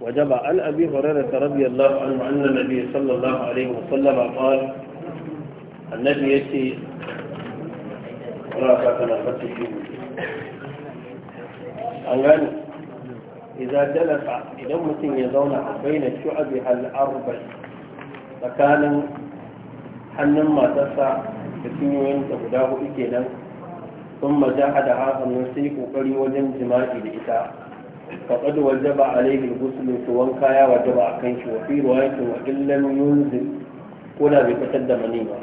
وجب عن أبي هريرة رضي الله عنه أن النبي صلى الله عليه وسلم قال النبي يأتي رافقنا فتشين أنغاني إذا جلس إلى متن يزون بين شعبها الأربع فكان حنما تسع تسنين تبداه إكينا sun majaha da hasannin sai kokari wajen jima'i da ita faƙad wajaba alaihi gusulun su wanka ya wajaba a kan shi wa fi ruwayatin wa illan yunzil ko da bai fitar da mani ba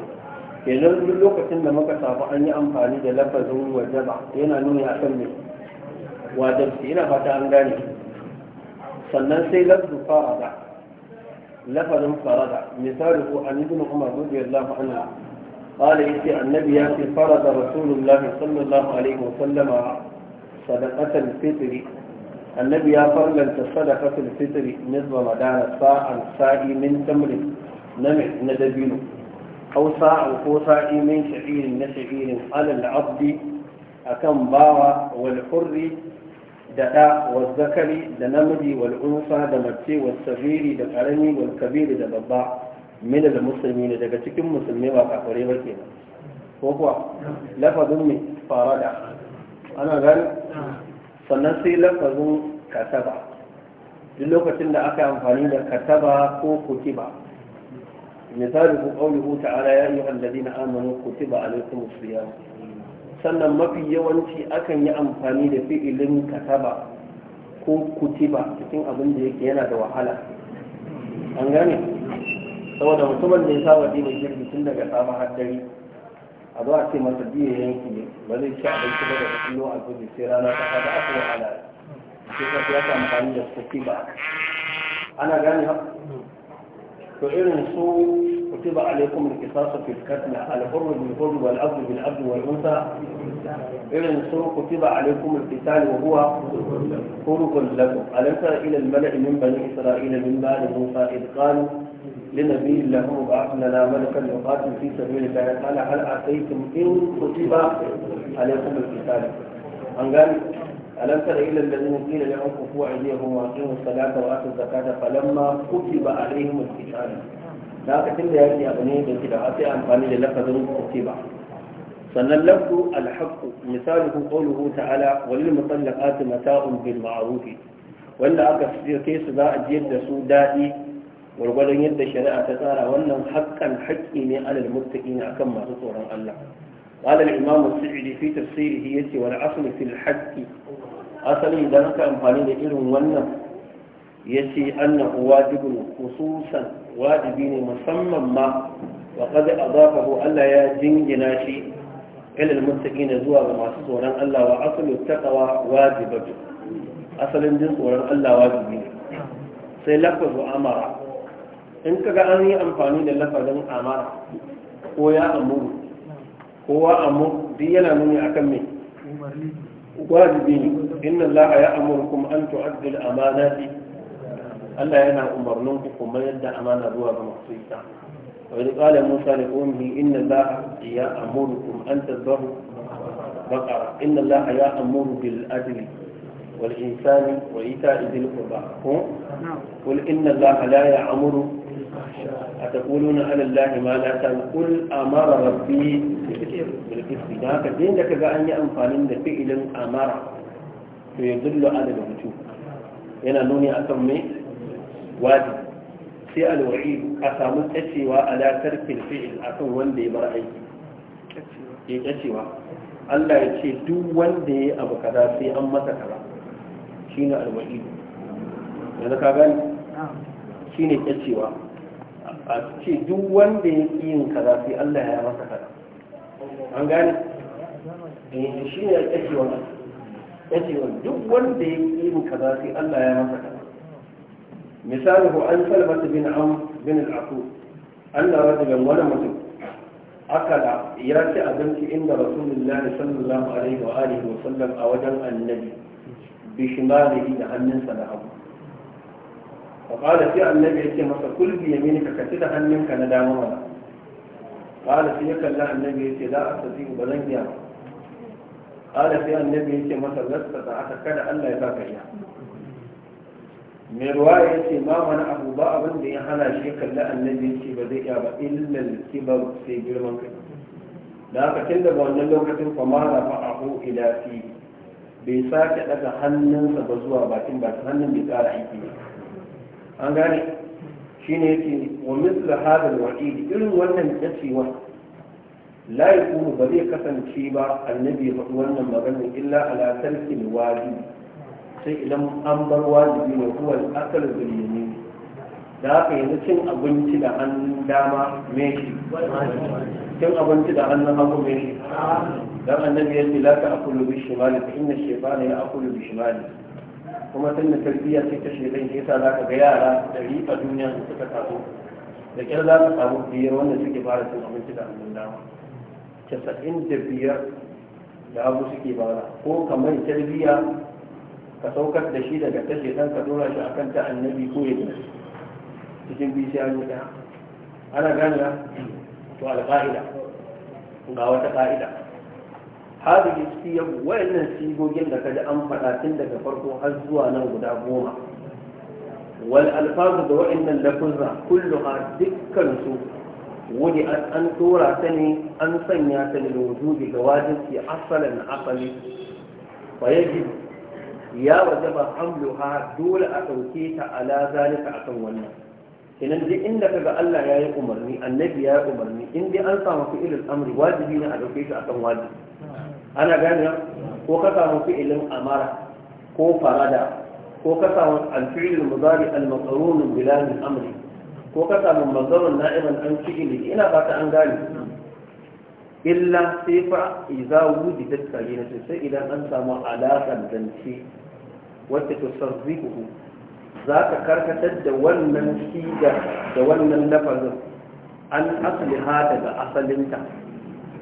kenan duk lokacin da muka samu an yi amfani da lafazin wajaba yana nuni a kan mai wajabci ina fata an gane sannan sai lafazin farada lafazin farada misali ko an ibn umar radiyallahu ana. قال يتي النبي ياتي فرض رسول الله صلى الله عليه وسلم صدقة الفطر النبي يا فرلن صدقة الفطر نصف مدان ساعة ساعي من تمر نمع ندبينه أو ساعة أو ساعي من شعير نشعير على العبد أكم باوى والحر دعاء والذكر دنمدي والأنثى دمتي والصغير دقرني والكبير دبباء min da musulmi ne daga cikin musulmi ba kafare ba kenan ko kuwa lafazin mai farada ana gani sannan sai lafazin kataba duk lokacin da aka amfani da kataba ko kutiba misali ku qawluhu ta'ala ya yi ayyuhal na amanu kutiba a lokacin musulmi sannan mafi yawanci akan yi amfani da fi'ilin kataba ko kutiba cikin abin da yake yana da wahala an gane saboda mutumin da ya saba dinin shirki tun daga safa har dare a zo a ce masa biyu ya yanki ba zai ci abinci ba da kullum a gudu sai rana ta kada aka yi ala sai ka ya samu amfani da kofi ba ana gane ha to irin su كتب عليكم القصاص في القتل الحر بالحر والعبد بالعبد والانثى إذن سوء كتب عليكم القتال وهو خلق لكم ألم تر إلى الملأ من بني إسرائيل من بعد موسى إذ قالوا لنبي الله وبعث لنا ملكا يقاتل في سبيل الله قال هل اتيتم ان كتب عليكم القتال ان قال الم تر الى الذين قيل لهم كفوا ايديهم واقيموا الصلاه واتوا الزكاه فلما كتب عليهم القتال لا كتب يا ابني ابني بالكتاب اتي امفاني للفظ كتب sannan lafdu alhaqqu misaluhu qawluhu ta'ala walil mutallaqati mata'un bil ma'ruf wanda aka ce su za a jiyar da su dadi gurgwadon yadda shari'a ta tsara wannan hakkan haƙƙi ne alal mutaƙi ne akan masu tsoron Allah qala al-imam as-sa'idi fi tafsirihi yace wal asl fi al-haqq asali idan ka amfani da irin wannan yace annahu wajibi ne musamman ma wa qad adafahu Allah ya jingina shi ila al-muttaqin zuwa ga masu tsoron Allah wa asl at-taqwa wajibatu asalin jin tsoron Allah wajibi ne sai lafazu amara in kaga an yi amfani da lafazin amara ko ya amuru kowa amur duk yana nuni akan me wajibi ne inna allaha ya amuru kuma an tu'addu al-amanati Allah yana umarnin ku kuma yadda amana zuwa ga masu ita wa idh qala musa li qaumihi inna allaha ya amurukum an tadhbahu baqara inna allaha ya amuru bil adli wal insani wa ita'i dhil qurba qul inna allaha la ya'muru أتقولون على الله ما لا تقول أمر ربي بالكسر ذاك دين لك بأن يأمفان فعل أمر فيدل على الوجوب هنا نوني أسمي واجب في الوعيد أسامو تشيوى على ترك الفعل أكون وندي برأي تشيوى Allah ya ce duk wanda ya abu kaza sai an masa kaza shine alwa'idu yanzu ka gani shine kyacewa a ce duk wanda ya ƙi yin kaza sai Allah ya masa kaza an gane yanzu eh, shi ne ake wannan yace duk wanda ya ƙi yin kaza sai Allah ya masa kaza ko an salmata bin am bin al-aqu anna rajulan wala mutum akala ya ci abinci inda rasulullahi sallallahu alaihi wa alihi wa sallam a wajen annabi bishimalihi da hannunsa da abu فقال في النبي يكي مسا كل بيمينك كتد هنمك ندام قال في يكلا النبي يكي لا أستطيع بلن قال في النبي يكي مسا لست تعطى كذا ألا يباك إياه mai ruwa ya ce ma wani abu ba abin da ya hana shi kalli annabi ce ba zai iya ba sai girman da haka tun daga wannan lokacin famara fa ahu ila fi bai sake daga hannunsa ba zuwa bakin bakin hannun bai tsara aiki ba an gane shi ne yake wa misla hadal wa'id irin wannan tsacewa la yakunu ba zai kasance ba annabi ya faɗi wannan maganar illa ala tarkil wajibi sai idan an bar wajibi ne huwa al-asal bil yamin da haka yanzu cin abinci da hannun dama me shi cin abinci da hannun hagu me shi dan annabi ya ce la ta'kulu bi shimali fa inna shaytana ya'kulu bi shimali kuma tun da tarbiyya ce ta shekai shi yasa ka ga yara ɗari a duniya da suka taso da kyar za ka samu biyar wanda suke fara cin abinci da abin dama casa'in da biyar da abu suke bara ko kamar tarbiyya ka saukar da shi daga tashe ɗan ka dora shi akan ta annabi ko ya cikin bisi an yi ɗaya ana gane to alƙa'ida ga wata ƙa'ida hadhihi siyab wayannan sigogin da kaji an faɗa tun daga farko har zuwa nan guda goma wal alfazu da wayannan lafuzza kulluha dukkan su wuri an tura ta ne an sanya ta ne da wujubi ga wajibi asalan asali fa yajib ya wajaba hamluha dole a ɗauke ta ala zalika akan wannan kenan duk inda kaga Allah ya yi umarni annabi ya yi umarni in dai an samu fi'ilul amri wajibi ne a ɗauke shi akan wajibi ana gane ko ka samu fi'ilin amara ko farada ko ka samu alfi'il Muzari al-maqrun bila amri ko ka samu mazarun na'iban an fi'ili ina fata an gane illa sai fa idza wujidat kalimatu sosai idan an samu alaƙar zance wacce tusarrifuhu za ka karkatar da wannan sigar da wannan lafazin an asali ha daga asalinta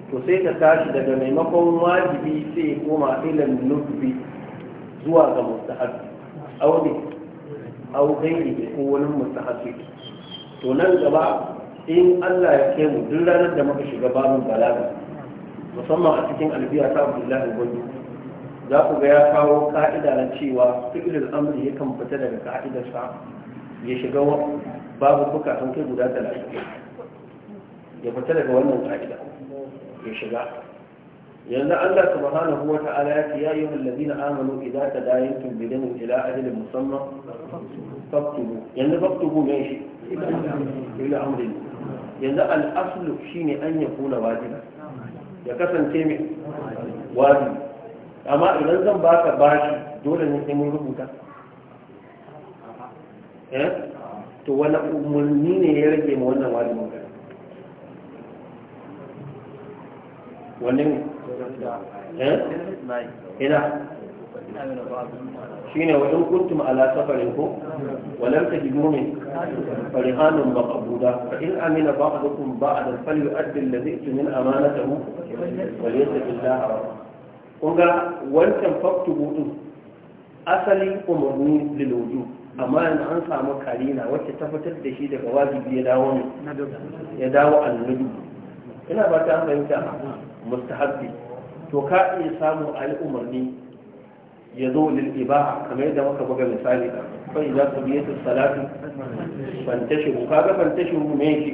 to sai ka tashi daga maimakon wajibi sai koma ilan nufi zuwa ga mustahabi au ne au gairi ko wani mustahabi to nan gaba in Allah ya ke mu duk ranar da muka shiga babin balaga musamman a cikin albiya ta Abdullahi wani za ku ga ya kawo ka'ida na cewa fi'ilul amri yakan fita daga ka'idar sa ya shiga babu buka an kai guda talatin ya fita daga wannan ka'ida ينزع الله سبحانه وتعالى يا أيها الذين آمنوا إذا تداينتم بدم إلى أجل مصمم فاكتبوا ينزع يعني فاكتبوا ماشي إلى أمر ينزع يعني الأصل شين أن يكون واجبا يكسن تيمي واجب أما إذا نزم باك باشي دولا نسمي ربك إيه؟ تولا أمنين يرجم وانا واجبك wanne ne eh? ina shine wa in kuntum ala safarin ko walam tajidu min farihanun maqbuda fa in amina ba'dukum ba'dan falyu'addi alladhi min amanatahu wa yattaqillaha kun ga wancan faktubu din asali umarni lil amma yanzu an samu karina wacce ta fitar da shi daga wajibi ya dawo ya dawo annabi ina ba ta fahimta mustahabbi to ka iya samu a yi umarni ya zo lil'ibaha kamar yadda muka buga misali da kai za su biye su salatu fantashiru kaga fantashiru me yake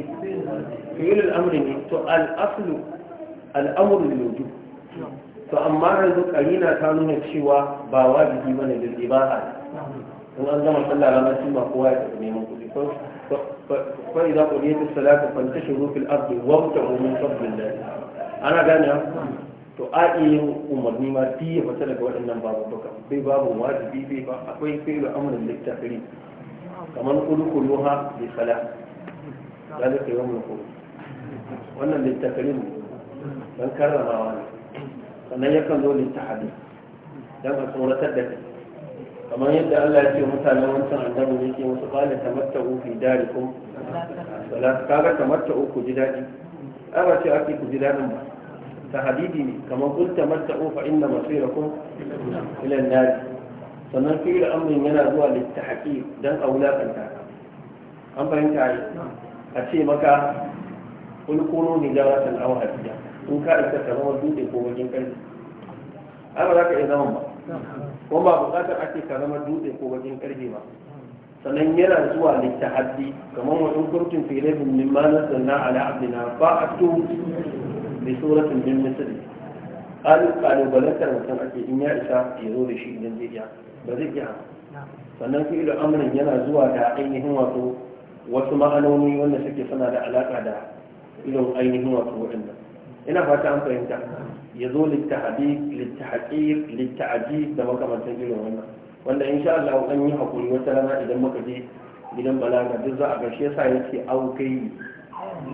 fi'il al'amri ne to al'aslu al'amru lil wujub to amma yanzu karina ta nuna cewa ba wajibi bane lil ibaha in an gama sallah ranar juma kowa ya tafi neman kuɗi fa idza qudiyat as-salatu fantashiru fil ardi wabtahu min fadlillah ana gane to a iya umarni ma duk ya fita daga waɗannan babubuka bai babu wajibi bai ba akwai sai da amurin littafi kamar kulukuluha bi sala za ka yi wannan kuru wannan littafi ne don karramawa ne sannan yakan zo littafi don a tsoratar da kai kamar yadda Allah ya ce mutanen wancan annabi yake musu qala tamatta'u uku darikum ko kaga tamatta'u ku ji daɗi. a ba ce ake ku ji daɗin ba tahdidi ne kamar kun tamatta'u fa inna masirakum ila an-nar sannan fi'il amrin yana zuwa littahqiq dan aulakanta an fahimta ai a ce maka kul kunu hijaratan aw hadiya in ka isa ka zama dutse ko bakin karfi ai ba za ka iya zama ba ko ba bukatar ake ka zama dutse ko bakin karfi ba sannan yana zuwa littahaddi kamar wa in kuntum fi raibin mimma nazzalna ala abdina fa'atu bi suratin min misali an kalubalantar mutum ake in ya isa ya zo da shi idan zai iya ba zai iya sannan fi'il amrin yana zuwa da ainihin wato wasu ma'anoni wanda suke suna da alaƙa da irin ainihin wato waɗanda ina fata an fahimta ya zo littahabi littahaqir litta'aji da makamantan irin wannan wanda in sha Allah an yi hakuri wata rana idan muka je gidan balaga duk za a ga shi yasa yake aukai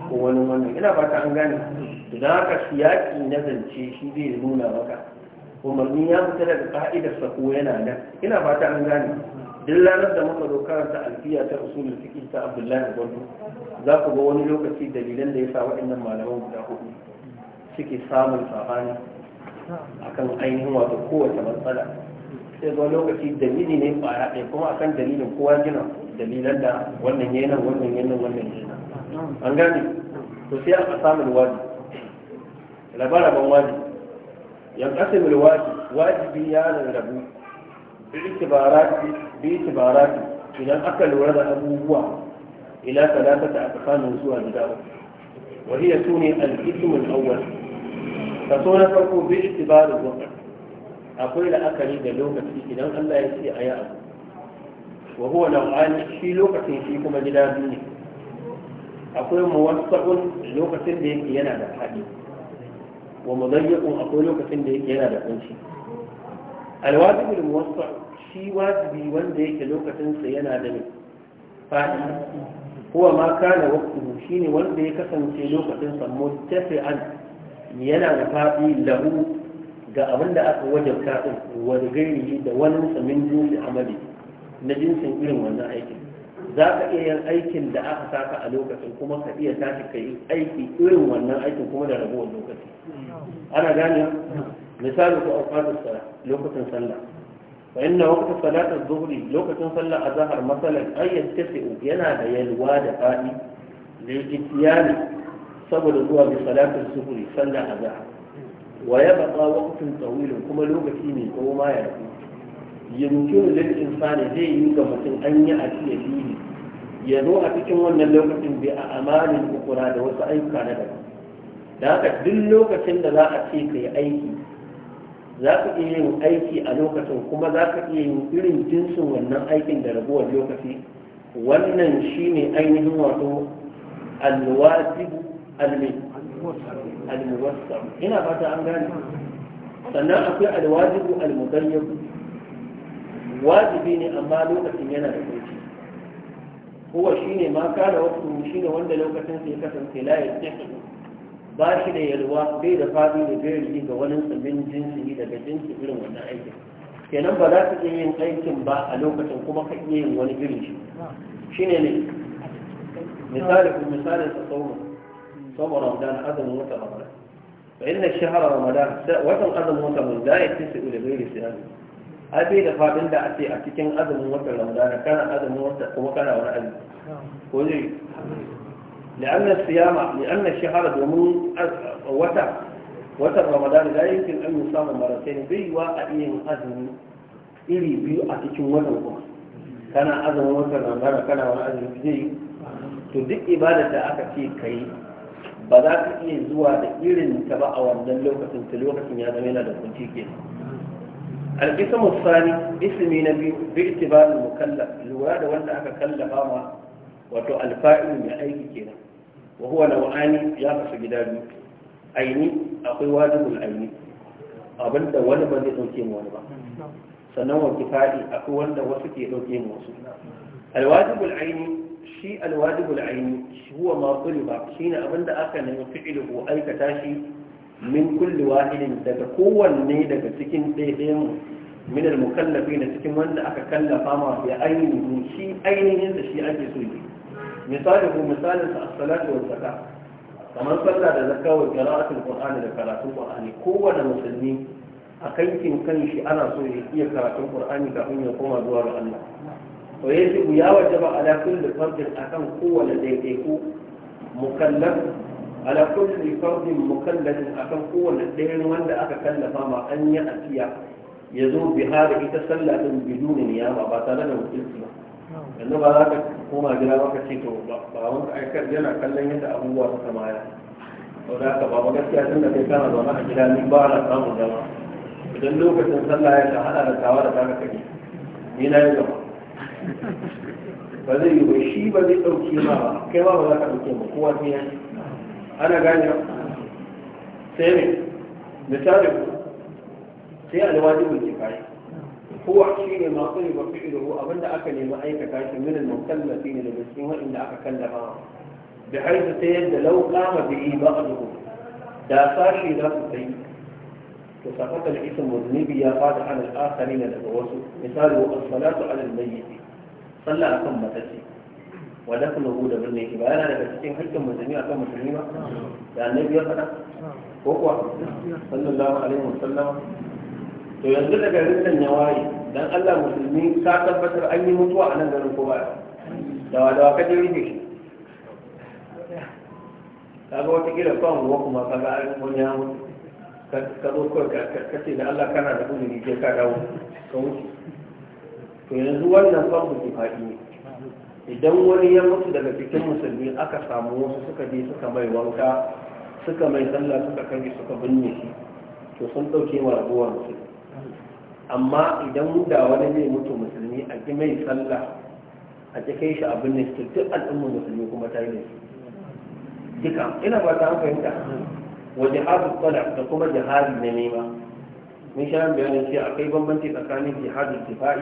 ko wani wannan ina fata an gane idan siyaki na zance shi zai nuna maka umarni ya fita daga ka'idar sa ko yana nan ina fata an gane duk ranar da muka zo karanta alfiya ta usulul fiqh ta Abdullahi Gwado za ku ga wani lokaci dalilan da ya sa waɗannan malaman guda hudu suke samun sabani akan ainihin wato kowace matsala sai ga lokaci dalili ne ba ɗaya kuma akan dalilin kowa gina dalilan da wannan yana wannan yana wannan yana an gane to sai aka samun wadi labaraban wadi yan kasimul wadi wajibi ya rarrabu bi'tibarati bi'tibarati idan aka lura da abubuwa ila talatata aqsamin zuwa gida وهي سوني الاسم الأول فسونا فرقوا باعتبار الوقت أقول لأكلي دلوك في إذا الله يسيء يا أبو wa huwa nau'ani shi lokacin shi kuma gida biyu ne akwai muwassa'un lokacin da yake yana da faɗi wa mudayyaqun akwai lokacin da yake yana da kunci alwajibul muwassa shi wajibi wanda yake lokacin sa yana da fadi huwa ma kana waqtuhu shine wanda ya kasance lokacin sa muttafi'an yana da faɗi lahu ga abin da aka wajabta din wa da gairi da wani samin jinsi amali na jinsin irin wannan aikin za ka iya yin aikin da aka saka a lokacin kuma ka iya tashi ka yi aiki irin wannan aikin kuma da rabuwar lokaci ana gane misali ko a lokacin sallah fa inna waqta salati adh-dhuhri lokacin sallah azhar masalan ayyat tasi'u yana da yalwa da fadi da ittiyani saboda zuwa bi salatin zuhri sallah azhar wa yabqa waqtun tawil kuma lokaci ne ko ma ya rabu yumkinu lil insani zai yi ga mutum an yi a cikin fili, ya zo a cikin wannan lokacin bai a amalin kukura da wasu ayyuka na daga da haka duk lokacin da za a ce ka yi aiki za ka iya yin aiki a lokacin kuma za ka iya yin irin jinsin wannan aikin da raguwar lokaci wannan shi ne ainihin wato alwajibu almin ina fata an gane sannan akwai alwajibu almudayyab wajibi ne amma lokacin yana da Kowa shi ne ma kada wasu shine wanda lokacin sai kasance laye ya ba shi da yalwa bai da fadi da bai ga wani sabbin jinsi daga jinsi irin wannan aikin kenan ba za ka iya yin aikin ba a lokacin kuma ka iya yin wani irin shi Shi ne ne, misali ku misalin sa sauran sauran ramadan azumin wata ramadan fa inna shahara ramadan watan azumin wata ramadan da ya tisi ila ghairi siyasi ai bai da faɗin da ake a cikin azumin watan ramadana kana azumin wata kuma kana wani azumi ko zai لأن الصيام لأن الشهر دومون وتر watan ramadan la yankin an yi samun maratain bai wa a iya yin azumi iri biyu a cikin watan kuma kana azumin watan ramadan kana wani azumi zai yi to duk ibada da aka ce ka yi. ba za ka iya zuwa da irin ta ba a wannan lokacin ta lokacin ya zama yana da kunci ke القسم الثاني اسم نبي باعتبار المكلف الولاد وانت كلفا ما وتو الفاعل من اي كنا وهو نوعان يا فسجدان عيني اقوى واجب العيني abin da wani ba zai ɗauke mu wani ba sannan wa kifa'i akwai wanda wasu ke ɗauke wasu alwajibul aini shi alwajibul aini shi huwa ma shine abin da aka nemi fi'luhu aikata shi min kulli wahidin daga kowanne daga cikin ɗaiɗayan min al-mukallafi na cikin wanda aka kallafa ma ya ainihin shi ainihin da shi ake so ne misali ko misalin sa as-salatu wa kamar sallah da zakka wa qira'atul qur'ani da karatun qur'ani kowanne musulmi a kankin kanshi ana so ya iya karatun qur'ani kafin ya koma zuwa ga Allah to yaji ya wajaba ala kulli fardin akan kowanne ko mukallaf على كل فرد مكلف أكن قوة لدين وان لأك ما أن يأتي يزور بهذه يتسلى بدون نيابة باتلنا وكلفنا لأنه بعد ذلك هما جلابك شيتو فهون أكد جنع كلين يدى أبوه وسمايا وذلك بابا قسي أسنة في كان الظلام أجلاني بارا قام الجماعة بدلوك سنسلى يشهد على التعوارة كان كجي هنا يجمع فذي يبشي بذي أوكيما كيما هو ذلك أوكيما قوة هي ana gane sai ne misali sai alwajibin kifaya kowa shi ne masu ne ba fi abinda aka nemi aikata shi min mutallafi ne daga cikin waɗanda aka kallafa da har su sai yadda lau kama da yi ba a zuwa da sashi za su sai to safaka da isin muzunibi ya fada ala a na daga wasu misali wa asalatu ala al-mayyiti sallah akan matashi wa dafnuhu da binne shi bayana yana daga cikin haƙƙin musulmi akan musulmi ba da annabi ya faɗa ko kuwa sallallahu alaihi wasallam to yanzu daga rinnan ya dan Allah musulmi ka tabbatar an yi mutuwa a nan garin ko ba dawa dawa ka jiri ne shi kaga wata kira kan wa kuma kaga an wani ya mutu ka zo kawai ka ce da Allah kana da uzuri ke ka dawo ka wuce to yanzu wannan fa ke fadi ne idan wani ya mutu daga cikin musulmi aka samu wasu suka je suka mai wanka suka mai sallah suka kai suka binne shi to sun ɗauke wa raguwar musulmi amma idan da wani zai mutu musulmi a ji mai sallah a ji kai shi a binne shi duk al'ummar musulmi kuma ta yi ne dika ina ba ta fahimta Waje jihadu tsala da kuma jihadi na nema mun sha bayanin cewa akwai bambanci tsakanin da tifa'i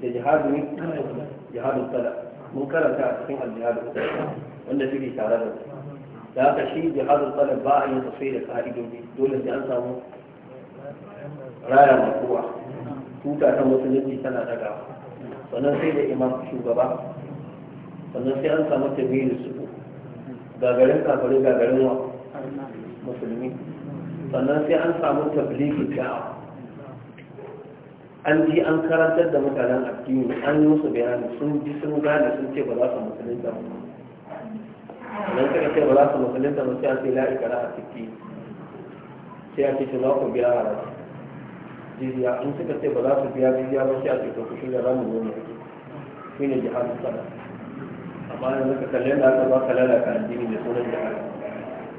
da jihadu ne jihadu mun karanta a cikin aljihadu wanda suke tare da su da haka shi jihadu tsada ba a yi sai da ka'idoji dole sai an samu raya matsuwa tuta ta musulunci tana daga sannan sai da imam shugaba sannan sai an samu tabiru su gagarin kafari gagarin wa musulmi sannan sai an samu tabliki da'a an ji an karantar da mutanen addini an yi musu bayani sun ji sun gane sun ce ba za su musulunta ba nan suka ce ba za su musulunta ba sai a ce la'i kara a ciki sai a ce su za ku biya a rasu jizya in suka ce ba za su biya jizya ba sai a ce ku ku shirya za mu zo mu rike shi ne jihar sana amma yanzu ka kalle da aka ba ka lalata addini da sunan jihar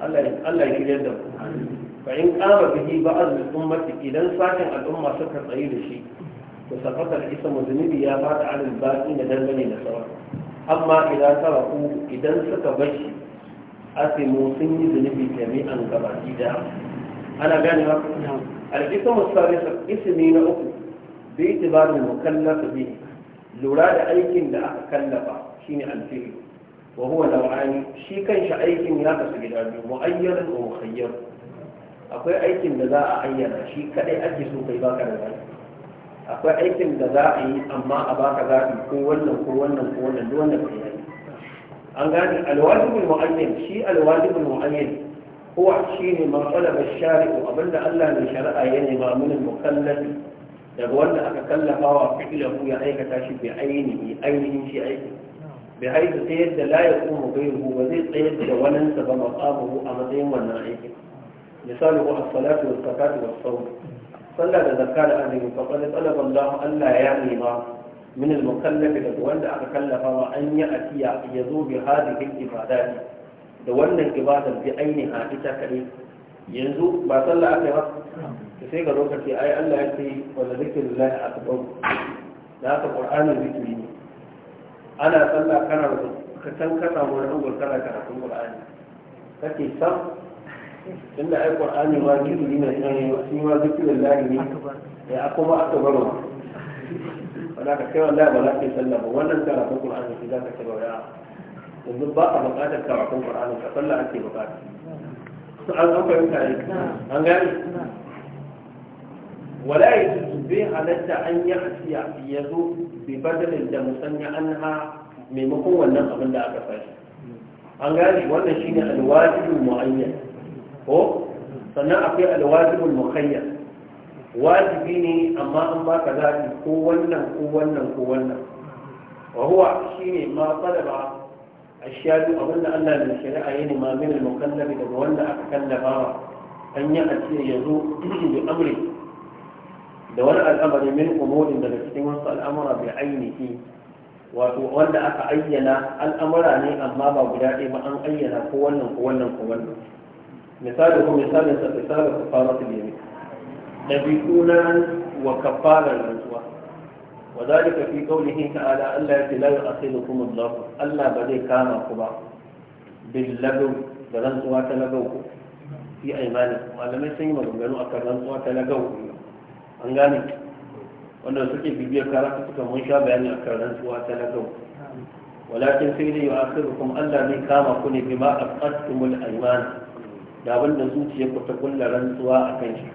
Allah ya shirya da ku فإن قام به بعض من أمتك إذا ساكن الأمة سكة طيب شيء وسقط الاسم الذنب يا بعد على الباقين دلما نسوا أما إذا سرقوا إذا سك بشي أتي موسني ذنب جميعا قبع أنا قاني نعم. الاسم الثالث اسمين أخو باعتبار المكلف به لولاد كن لا أكلف شين الفيل وهو نوعان شيكا شأيك لا تسجد مؤيد ومخير akwai aikin da za a ayyana shi kadai ake so kai baka da zaɓi akwai aikin da za a yi amma a baka zaɓi ko wannan ko wannan ko wannan duk wanda kai an gane alwajibul mu'ayyan shi alwajibul mu'ayyan هو حين ما طلب الشارع وقبلنا ألا من شرع يعني ما من المكلف لقولنا أتكلف وفعله يعيك تاشي بعينه عينه في عينه بحيث قيد لا يقوم غيره وزي قيد وننسب مقامه أمدين والنعيك مثاله الصلاة والزكاة والصوم صلى ذكاء أهله فقال طلب الله ألا يعني ما من المكلف لدوان أتكلف وأن يأتي يذوب بهذه العبادات دوان العبادة بعينها إذا كريم ينزو ما صلى أكبر كسيك الروكة في آية ألا يأتي ولذكر الله أكبر لا تقرآن الذكرين أنا صلى كان رجل كتن كتا مرعو والكرا كتا القرآن فكي صف inda ai qur'ani ma zikiri ne shi ma zikirin lahi ne ya akuma aka bar wala ka kai wallahi wala ka yi ba wannan karatun qur'ani shi zaka ka ci gaba yanzu ba a buƙatar karatun qur'ani ka sallah ake buƙata to an an fahimta ne an gane wala ya bai halatta an yi asiya ya zo bi badalin da musanya an ha maimakon wannan abin da aka sashi an gane wannan shine alwajibu mu'ayyan ko sannan akwai alwajibul mukhayyar wajibi ne amma an baka zaɓi ko wannan ko wannan ko wannan wa huwa shine ma talaba ashiyadu abinda Allah da shari'a ne ma min al-mukallabi daga wanda aka wa an yi a ce zo da amri da wani al'amari min umurin daga cikin wasu al'amura bai ainihi wato wanda aka ayyana al'amura ne amma ba guda ɗaya ba an ayyana ko wannan ko wannan ko wannan مثاله مثال مثال كفارة اليمين نبيكونا وكفارة الرزوة وذلك في قوله تعالى ألا لا يؤخذكم الله ألا بدي كان قبا باللغو برنسوة لغو في أيمانكم ألا ما يسمى لغو أكا رنسوة لغو أنغاني wanda suke bibiyar karatu suka mun sha bayani a kan rantsuwa ta lagau walakin sai dai yu'akhirukum Allah zai kama ku ne da abin da zuciyarku ta kulla rantsuwa a kan shi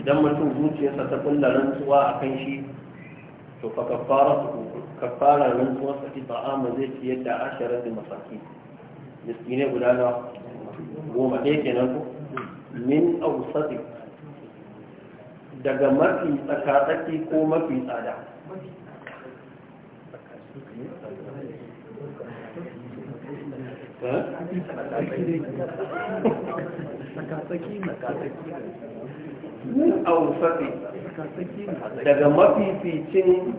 idan mutum zuciyarsa ta kulla rantsuwa a kan shi to fa kafara su kafara rantsuwar sa ta amma zai ci yadda ashirar da masaki miskinai guda na goma ɗaya kenan ku min ausati daga mafi tsakatsaki ko mafi tsada ausati daga mafificin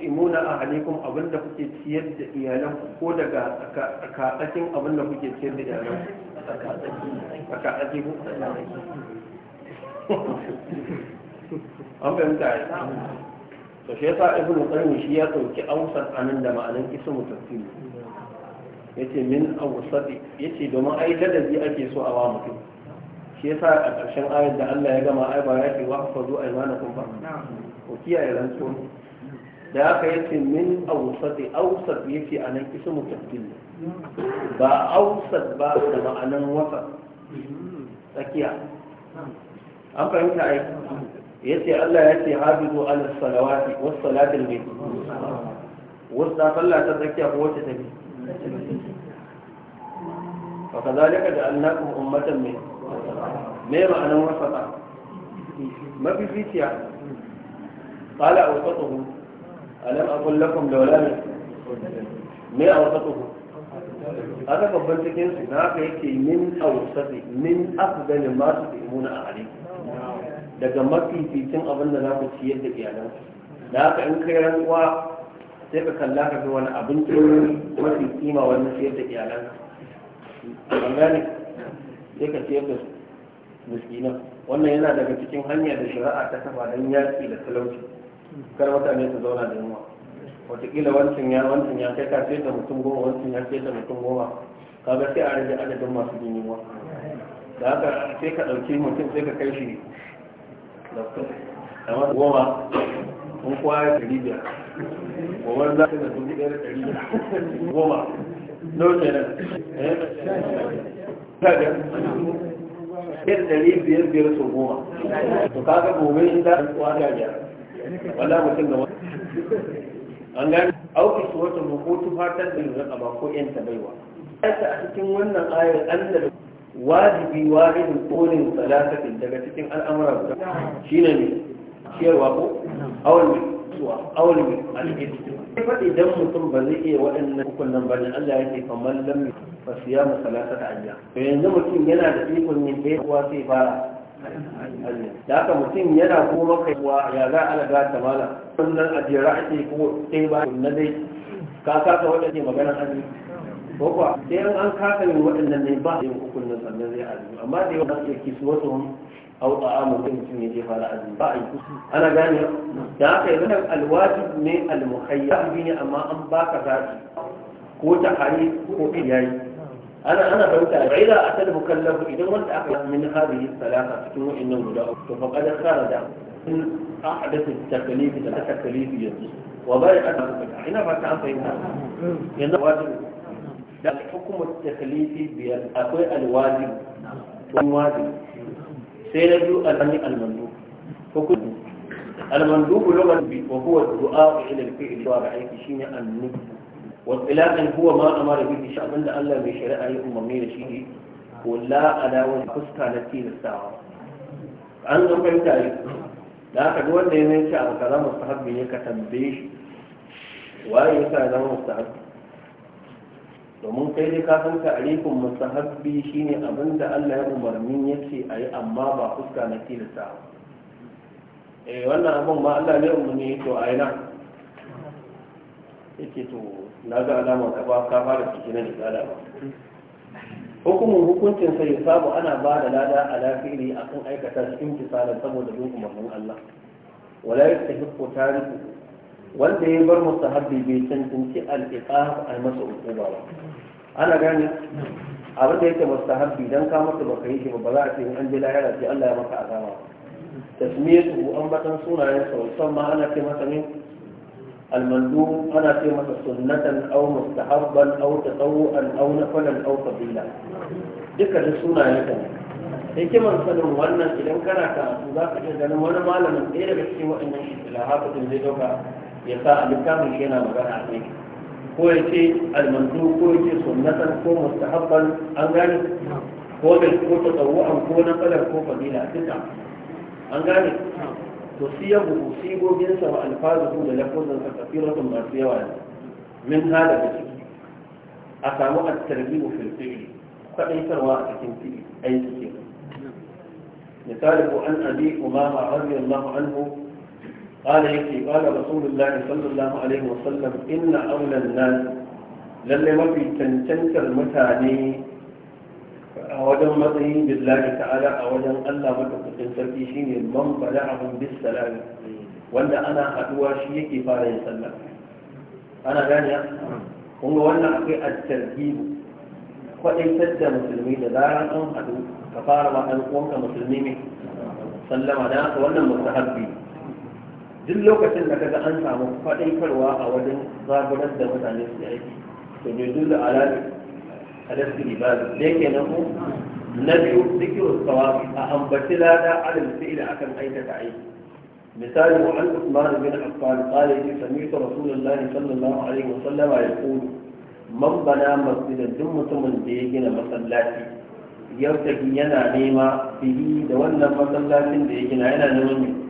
imuna a halikun abinda kuke ciyar da iyalan ko daga tsakatsakin abinda kuke ciyar da iyalan ko shi shi ya dauki ausan anan da ma'anan ismu tafsir yace min awsati yace domin ai ladabi ake so a wa mutum shi yasa a ƙarshen ayar da Allah ya gama ai ba ya ce wa fa zo aymanakum fa ko kiyaye rantsu. da haka yace min awsati awsat yace anan ismu tafdil ba awsat ba da ma'anan wasa tsakiya an fahimta ai yace Allah yace habidu ala salawati was salatil bayt wasu da Allah ta tsakiya ko wacce ta bi fakazalika da annakun ummatan mai mai ma'anan wasata mafi fitiya tsala a wasa tsohu a nan a kullakon da wala ne mai a wasa tsohu a ta babban na haka yake min a wasa min a masu da imu na ahari daga mafi fitin abin da za ku ciyar da iyalan na haka in kai ran sai ka kalla ka ga wani abinci mafi kima wani siyar da iyalan an sai ka siyar da miskinan wannan yana daga cikin hanyar da shari'a ta kafa don yaƙi da talauci kar mutane su zauna da yunwa wataƙila wancan ya wancan ya kai ka siyar da mutum goma wancan ya siyar da mutum goma kaga sai a rage adadin masu jin yunwa da haka sai ka ɗauki mutum sai ka kai shi da goma in kwaya da biyar da da ɗari eh? biyar sau goma to gobe in za a tsuwa da biyar wala mutum da wani an gani auki wata ko tufatar da yanzu ba ko yan a cikin wannan ayar an da wajibi wahidin kolin salatatin daga cikin al'amura guda shi ne ciyarwa ko awon mutuwa aure al'adu ya faɗi idan mutum ba zai iya waɗannan hukunan ba ne Allah ya ce kamar lam fa siyamu salasata ayya to yanzu mutum yana da ikon ne bai kuwa sai fara da haka mutum yana kuma kai kuwa ya za a laga ta mala wannan ajiyara ake ko sai ba na dai ka kasa ne maganar azumi ko sai an kasa yin waɗannan ne ba Sai hukunan sannan zai azumi amma da yawa na kisuwa kisuwatun أو طعام يمكن يجيب على أنباعي أنا قاني ذاك إذن الواجب من المخيّر بني أما أنباك ذاتي قوة حريف قوة قياي أنا أنا فهمت وإذا أتى المكلف إذا ما تأخذ من هذه الثلاثة تكون إنه لا فقد خرج من أحدث التكليف التكاليف يجوز وبارك الله فيك هنا فكان فهمت هنا واجب الحكم التكليفي بأقوى الواجب الواجب sai na biyu al'ani almandu hukunci almandu lugar bi wa huwa du'a ila al-fi'l ga aiki shine annu wa ilaqan huwa ma amara bihi sha'ban da Allah mai shari'a ya umarni da shi ko la alawa fuska na tilastawa an zo fahimta yi da aka ga wanda ya zai ce abu kaza mustahabbi ne ka tambaye shi waye ya yasa zama mustahabbi domin kai dai ka san alaikum mustahabbi shine abin da Allah ya umarni ya ce a yi amma ba fuska na tilasta eh wannan abin ma Allah ne umarni to a yi nan yake to na ga alama ka ba ka fara cikin ne tsada ba hukumin hukuncin sai sabu ana ba da lada a lafiri akan aikata shi imtisalan saboda bin umarnin Allah wala yastahiqu tariku wanda ya bar mustahabbi bai cancanci al-iqab a masa hukuma ba ana gane abin da yake mustahabbi don ka masa baka yi shi ba za a ce an je lahira sai Allah ya maka azaba tasmiyatu an batan sunayen sa musamman ana ce masa ne المندوب أنا في مثل سنة أو مستحبا أو تطوعا أو نفلا أو قبيلا duka da sunayen da hikimar sanin wannan idan kana karatu za ka iya ganin wani malamin ɗaya daga cikin waɗannan istilahatun zai dauka ya sa a littafin shi yana magana a kai ko ya ce almanzu ko ya ce sunnatan ko mustahabban an gane ko da ko ta tsawu'an ko na kalar ko fadila duka an gane to siyabu sigogin sa wa alfazuhu da lafazin sa kafiratun masu yawa ne min hada da ciki a samu at-tarbiyu fil fi'li kadaitarwa a cikin fi'li aiki ke misali ko an abi umama radiyallahu anhu قال يكي قال رسول الله صلى الله عليه وسلم إن أولى الناس للي ما في تنتنك المتاني أوجن مضي بالله تعالى أوجن ألا متفقن سلبي شيني من بلعهم بالسلام وأن أنا أدوى شيكي فارين سلم أنا غانية هم وأن أقي التركيب وإن سد مسلمي لدارا أم أدو كفار وأن أمك مسلمي سلم أنا وأن مستحبي duk lokacin da kaga an samu faɗaikarwa a wajen zaburar da mutane su aiki to bai dole ala alaski ibadu da yake na ku na biyu zikiru tsawafi a ambaci lada alal fi'ila akan aikata aiki misali wa an usman bin affan qala ya sami'tu rasulullahi sallallahu alaihi wasallama yaqulu man bana masjidan duk mutumin da ya gina masallaci yau yana nema fili da wannan masallacin da ya gina yana neman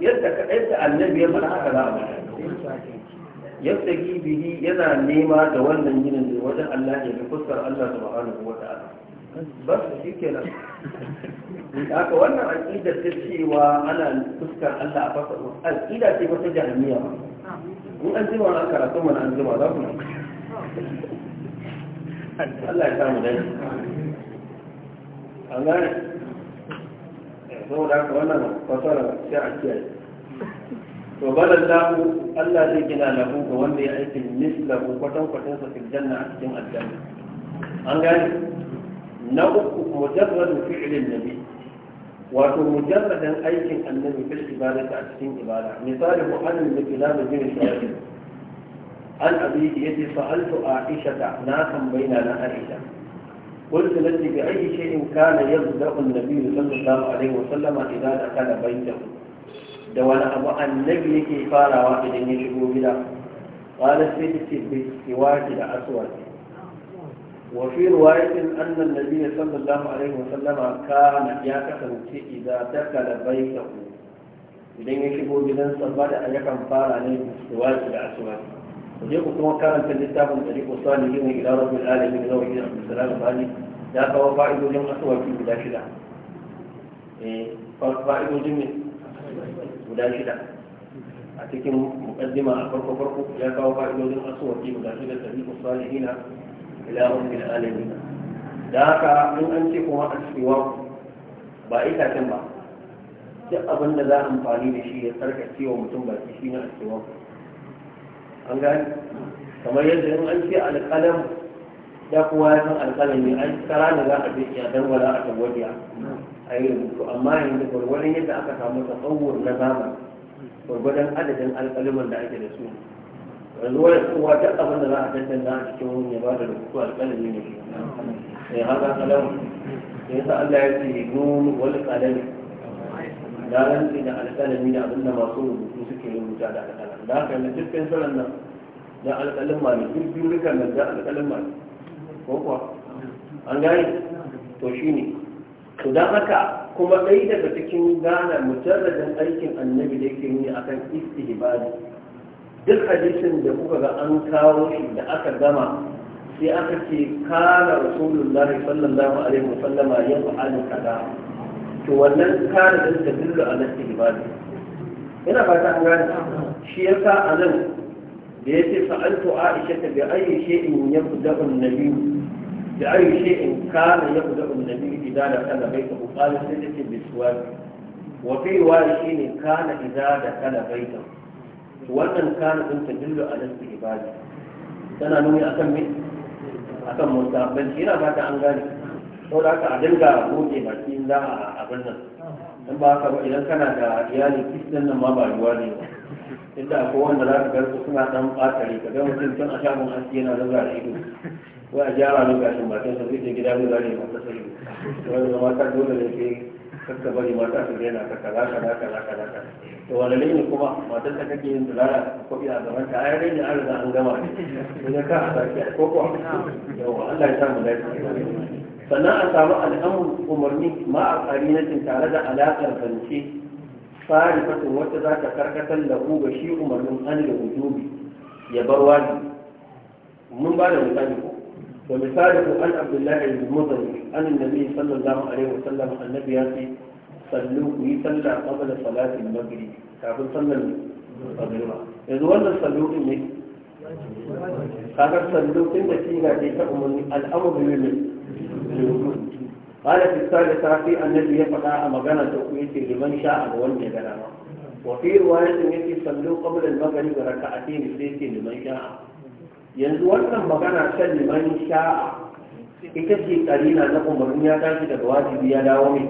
yadda kaɗai da annabi ya mana haka za a yadda gibihi yana nema da wannan yinin da wajen Allah ya fi fuskar Allah subhanahu wa ta'ala ba su shi kenan haka wannan al'idar ta cewa ana fuskar Allah a fasa aƙida ce wata jahamiya in an jima na karatu mana an jima za ku na Allah ya samu dai an gane saboda haka wannan fasara sai a kiyaye to balan lahu Allah zai gina lahu ga wanda ya aiki mislahu kwatan kwatan sa fil janna a cikin aljanna an gane na uku mujarradu fi'lin nabi wato mujarradan aikin annabi fil ibadati a cikin ibada misali ko annabi da bilal bin shaykh an abi yace sa'altu aisha na tambayina na aisha قلت التي بأي شيء كان يبدأ النبي صلى الله عليه وسلم إذا دخل بيته دون أبو النبي كي فارا واحد يشبه بلا قال سيدتي بالسواك الأسود وفي رواية أن النبي صلى الله عليه وسلم كان يكفر إذا دخل بيته إذا يشبه بلا صبر أن يكن فارا عليه بالسواك الأسود ku je ku kuma karanta littafin dari ko sani yin ila rabbil alamin da wani abu salamu bani ya kawo fa'idojin asuwaki guda shida eh fa'idojin ne guda shida a cikin mukaddima a farko farko ya kawo fa'idojin asuwaki guda shida dari ko sani hina ila rabbil alamin da haka in an ce kuma a cikin wa ba itacen ba duk abin da za a amfani da shi ya tsarkace wa mutum ba shi ne a cewa an gani kamar yadda in an ce alƙalam ya kuwa ya san alƙalami an tsara da za a je ya dan wala a wajiya a yi rubutu amma yanzu gwargwadon yadda aka samu tsawon na zama gwargwadon adadin alƙaliman da ake da su yanzu wani kowa ta abin da za a tantance a cikin wani ya ba da rubutu alƙalami ne ne haka kalam sai yasa Allah ya ce nun wal qalami da ran da alƙalami da abinda masu rubutu suke rubuta da alƙalami da haka yanzu dukkan saran nan da alƙalin mali duk birnikan nan da alƙalin mali ko kuwa an gani to shi ne to don haka kuma ɗaya daga cikin gane mujarradin aikin annabi da yake nuni akan istihbari duk hadisin da kuka ga an kawo shi da aka gama sai aka ce kana rasulullahi sallallahu alaihi wasallama ya fa'alu kaza to wannan kana da a ala istihbari ina fata an gane shi ya sa a nan da ya ce sa'altu ishe ta bi ayi shi in ya an unnabi bi ayi shi in kana ya an unnabi idan da kana bai ta bukala sai ta ce biswal wa fi shi ne kana idan da kana bai ta wannan kana din ta dillu ala ibadi tana nuni akan me akan ban shi yana fata an gane saboda haka a dinga goge baki za a abin nan in ba haka ba idan kana da iyali kistin nan ma ba ruwa ne ba inda ko wanda za ka garku suna dan batare ka ga mutum tun a shagon haske yana zuwa da ido ko a gyara lokacin ba sai zai gida zuwa ne ba sai wani ma ka dole ne sai kakka bari mata su daina ka kaza kaza kaza kaza to wanda ne kuma matan ta kake yin zara ko ina gaban ta ai ne da an riga an gama ne ka a sake ko ko yawa Allah ya samu lafiya sannan a samu al'amun umarni ma'a a tsari tare da alaƙar zance farifatun wacce za ta karkatar da ku ga shi umarnin an da wujubi ya bar wajibi mun ba da misali ko wa misali ko an abdullahi al-muzani an annabi sallallahu alaihi wa sallam annabi ya ce sallu ku yi sallah qabla salati al-maghrib kafin sallar magriba yanzu wannan sallu din ne kaga sallu din da shi ga ta umarni al-amru bil-wujubi قال في الثالثة في النبي يفقى مغانا تقويتي لمن شاء وان يغنى وفي رواية يتي صلوا قبل المغرب ركعتين سيتي لمن شاء yanzu wannan magana kan liman ita ce karina na umarni ya tashi daga wajibi ya dawo mai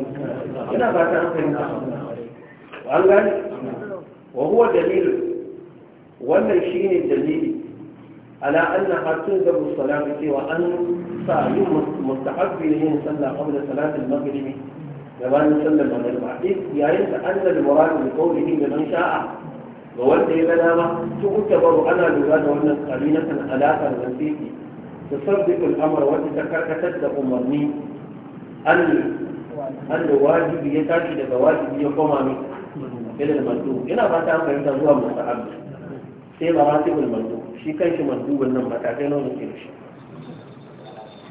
ina ba ta fahimta an gani wa huwa dalil wannan shine dalili على أنها تنذر الصلاة وأن صايم مستحب yin صلى قبل صلاة المغرب gabanin sallar magariba yayin da annal muradu da kaulihi da man sha'a ga wanda ya gana ma su kuka baro ana lura da wannan kalinatan alaƙar wasiki ta sabbiku al'amar wacce ta karkatar da umarni an da wajibi ya tashi daga wajibi ya koma ne fata an zuwa sai maratibul mandu shi kanshi mandubin nan matakai nawa ke da shi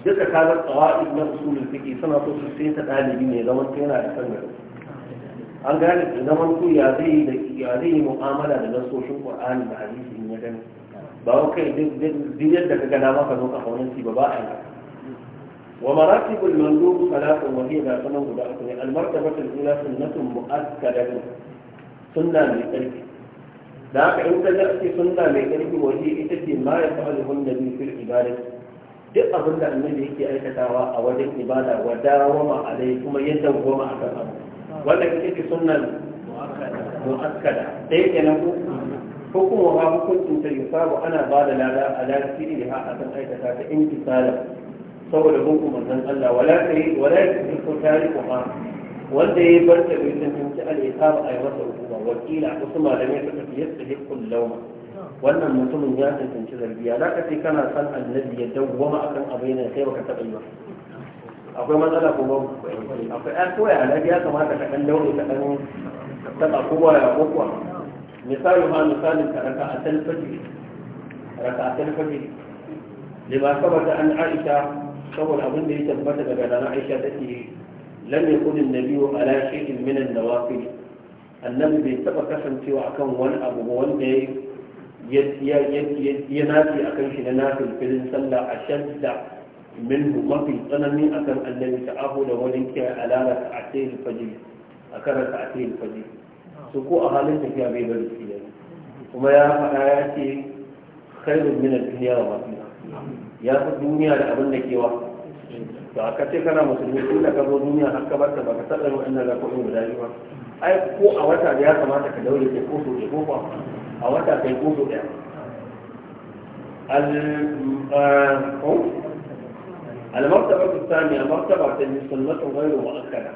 duka kalar tsawa'id na usulul fiqi suna so su sai ta dalibi ne zaman ko yana da sanin an gane zaman ko ya zai da ya zai mu'amala da nasoshin qur'ani da hadisi ne dan ba wa kai duk duk yadda kaga na maka zo ka haunanci ba ba a yi ومراتب المندوب ثلاث وهي لا تنوب المرتبة الأولى سنة مؤكدة سنة للتركيب da haka in ka zarce sunna mai ƙarfi waje ita ce ma ya fa alhun da bi fil ibadat duk abin da annabi yake aikatawa a wajen ibada wa dawama alai kuma ya dawama akan abu wannan ita ce sunna mu'akkada sai kenan ko kuma ha hukuncin ta yusabu ana ba da lada a lafiya ha akan aikata ta intisala saboda hukumar dan Allah wala kai wala kai ko tariku ha wanda ya bar ta bai tantance al'isar a yi masa hukuma wakila wasu malamai suka fi yadda hikkun lauma wannan mutumin ya tantance zargi ya ka ce kana san annabi ya dawwama akan abu yana sai baka taɓa yi ba akwai matsala ko ba akwai an koya annabi ya kamata ka ɗan daure ka ɗan ko kowa ya kuwa misali ma misalin ka raka a talfaji raka a talfaji lima sabata an aisha saboda abin da ya tabbata daga nana aisha take lam yakun na biyu ala shay'in min an-nawafil annabi bai taba kasancewa akan wani abu wanda ya ya nafi akan shi na nafil filin sallah ashadda minhu mafi tsanani akan annabi ta'ahu da wani kiyaye ala raka'atayil fajr akan su ko a halin tafiya bai bari su kuma ya faɗa ya ce ya fi duniya da abin da to ka ce kana musulmi tun da ka zo duniya har ka barka baka taɓa yin wannan guda biyu ba ai ko a wata da ya kamata ka daure kai ko so ɗaya ko kwa a wata kai ko so ɗaya المرتبة الثانية مرتبة السنة غير مؤكدة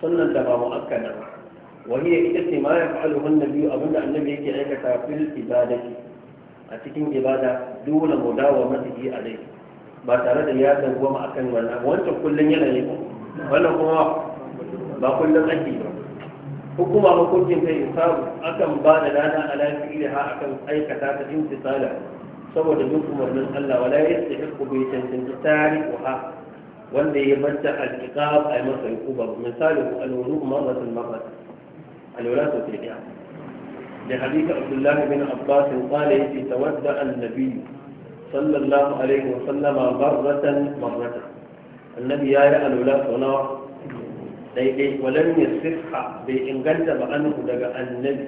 سنة تبع مؤكدة وهي إذا ما يفعله النبي أظن النبي يجي عيكة في الإبادة أتكين إبادة دون مداومته عليه ba tare da ya dangoma akan wannan wancan kullum yana yi wannan kuma ba kullum ake ba hukuma hukuncin kai samu akan ba da lana a lafiya ha akan aikata ta intisala saboda duk umarnin Allah wala ya yastahiqu bi tantin tariquha wanda ya banta al-iqab ay masa yuquba misali al-wudu marratan marratan al-wulatu fi da hadith Abdullahi bin Abbas qala yati tawadda an-nabiy صلى الله عليه وسلم مرة مرة النبي يا أولا صنار ولم يصفح بإنجلت بأنه لقى النبي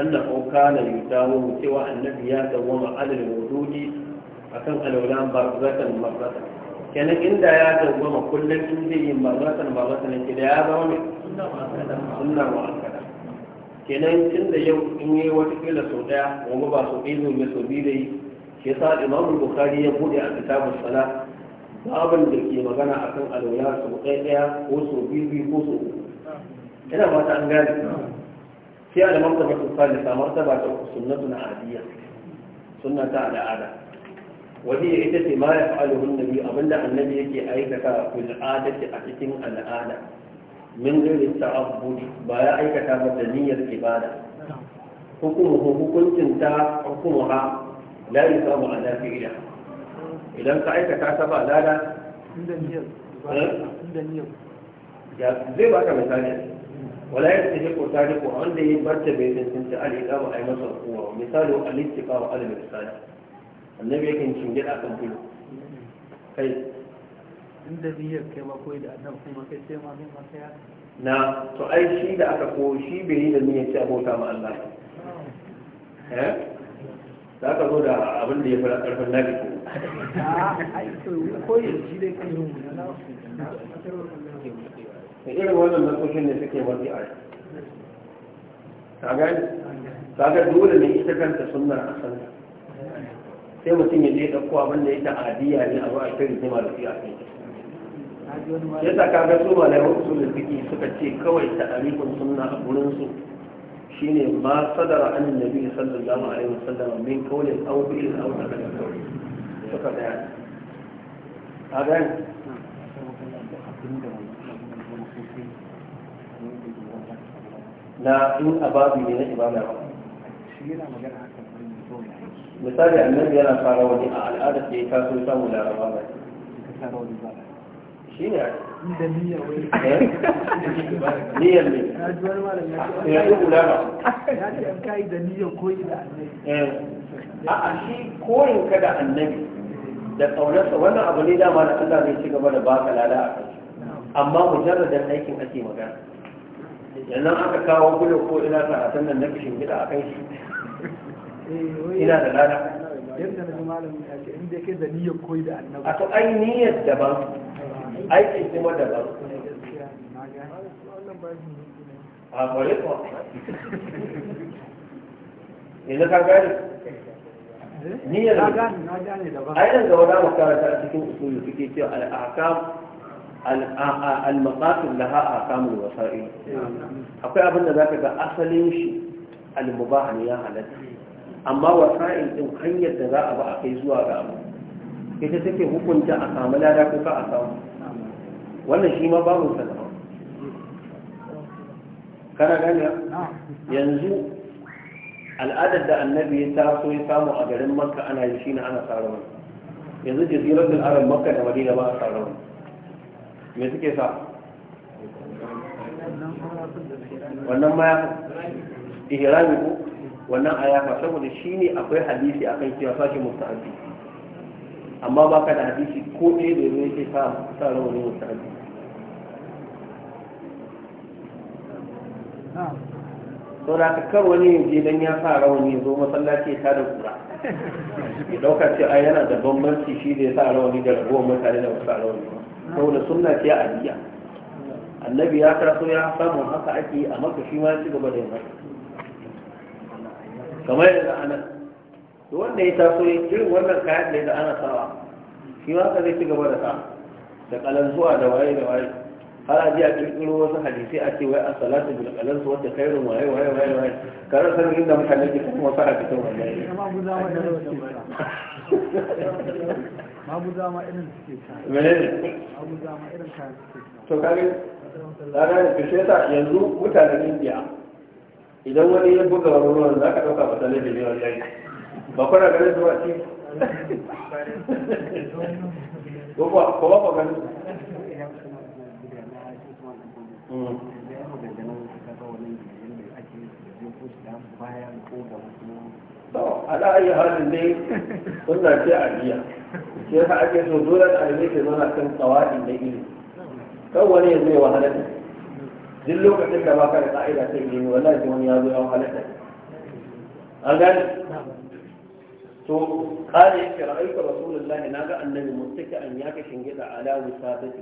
أنه كان يداوم سوى النبي يا دوم على الوجود أكن الأولى مرة مرة كان إن دا يا دوم كل إنجلي مرة مرة إن دا يا دوم سنة وعن كان إن دا يوم إنجي وتكيل سوداء ومبا سوئيل ومسوبيلي ke sa imamu bukari ya bude a kitabun sala babin da ke magana akan alwala sau ɗaya ko sau biyu biyu ko sau uku ina fata an gane sai a da martaba su sali sa martaba ta sunnatu na adiyya sunna ta al'ada wani ya ita ce ma ya fa'aluhun nabi abinda annabi yake aikata fil adati a cikin al'ada min gairin ta'abbud ba ya aikata ba da niyyar ibada hukumu hukuncin ta hukumu ha la yusamu ala fi'ila idan ka aikata ta ba lada inda niyyar inda niyyar zai baka misali ولا يستحق ذلك وعنده يبرد بين الاستمتاع الإقامة أي مصر القوة ومثاله الاتقاء وعدم الإحسان النبي يكن شنجل أكم كله كيف عند ذيك كما قيل أنه كما كتما مما سيأتي na to ai shi da aka koyi shi bai yi da niyyar ci abota ma Allah ha za ka zo da abin da ya fara karfin lafi ko da irin wannan nasoshin ne suke mafi a kaga kaga dole ne ita kanta sunnar a sanda? sai mutum ya je ɗauko abin da yake adiya ne a zuwa kan rigima da fiya kai yasa kaga su malamai usulul fiqh suka ce kawai ta arifin sunna a gurin شيني ما صدر عن النبي صلى الله عليه وسلم من قول أو بإذن أو تقلق قول فقط يعني هذا يعني لا إن أبابي من إبابة مثال يعني أنا صار ودي على آه، هذا في كاسو سو لا رواه shi ne da niyyar niyyar ne na ji wani malam ya ce ya yi kula ba ya ce an kayi da niyyar koyi da annabi a'a shi koyin ka da annabi da ƙaunarsa wannan abu ne dama da Allah zai ci gaba da baka lada a kai amma mujarradan aikin ake magana yanzu aka kawo gudu ko ina ta a sannan na kishin gida a kai shi ina da lada yadda na ji malamin ya ce in dai kai da niyyar koyi da annabi a to ai niyyar daban aiki kuma daban a kwale kuwa yanzu ka gane ni yanzu ai nan gaba za mu karanta a cikin usulu suke cewa al'akam al-maqasid laha akamul wasa'i akwai abin da zaka ga asalin shi al-mubah ne ya halatta amma wasa'il din hanyar da za a ba a kai zuwa ga abu ita take hukunta a samu lada ko ka a samu wannan shi ma babu sana kana gani yanzu al'adar da annabi ya taso ya samu a garin makka ana yi shi na ana tsara wani yanzu da arab makka da madina ba a tsara wani me suke sa wannan ma ya ihrami ko wannan ayafa saboda shi ne akwai hadisi akan cewa sashi mustahabi amma ba ka da hadisi ko ɗaya da yake sa sa rawani mustahabi sau da kakar wani yanzu idan ya sa rawani ya zo masallaci ya da kura ya dauka ce a yana da bambanci shi da ya sa rawani da ragowar mutane da wasu rawani da sunna ce a aliya annabi ya taso ya samu haka ake a maka shi ma ci gaba da yin kamar yanzu a nan to wanda ya taso ya irin wannan kayan da ana sawa shi ma ka zai ci gaba da sa da kalan zuwa da waye da waye har a ji a kirkiro wasu hadisai a ce wai a salatu bil qalam su wata kairun waye waye waye waye karar san inda mutane ke kuma fara fitan wallahi ma buza ma da ma buza ma irin suke ta menene ma buza ma irin kayan suke to kage tsara da kishe ta yanzu mutanen India idan wani ya buga wani ruwan za ka ɗauka ba tare da yawan yayi ba kuna ganin su ba ci ko ba ko ba ganin ala ayi halin dai suna ce a biya shi yasa ake so dole a yi ke zauna kan tsawadi na ilimi kan wani ya zai wahala ne. duk lokacin da baka da ka'ida ta ilimi wallahi wani ya zo ya wahala da an gane to kare yake ra'ayka rasulullahi naga annabi mutaka an yaka shingida ala wisatati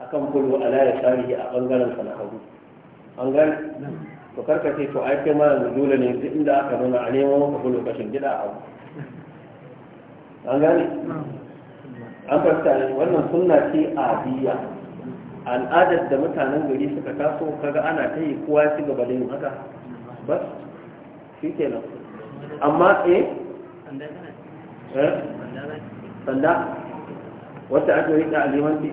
akan kullu ala ya tsari a bangaren sa na hagu an gane to karkace to ai kai ma dole ne duk inda aka nuna a neman maka kullu kashin gida a hagu an gane an fasta ne wannan sunna ce adiya al'adar da mutanen gari suka taso kaga ana ta yi kowa ya ci gaba da yin haka bas shi nan amma eh, eh? sanda wata ake yi a limanci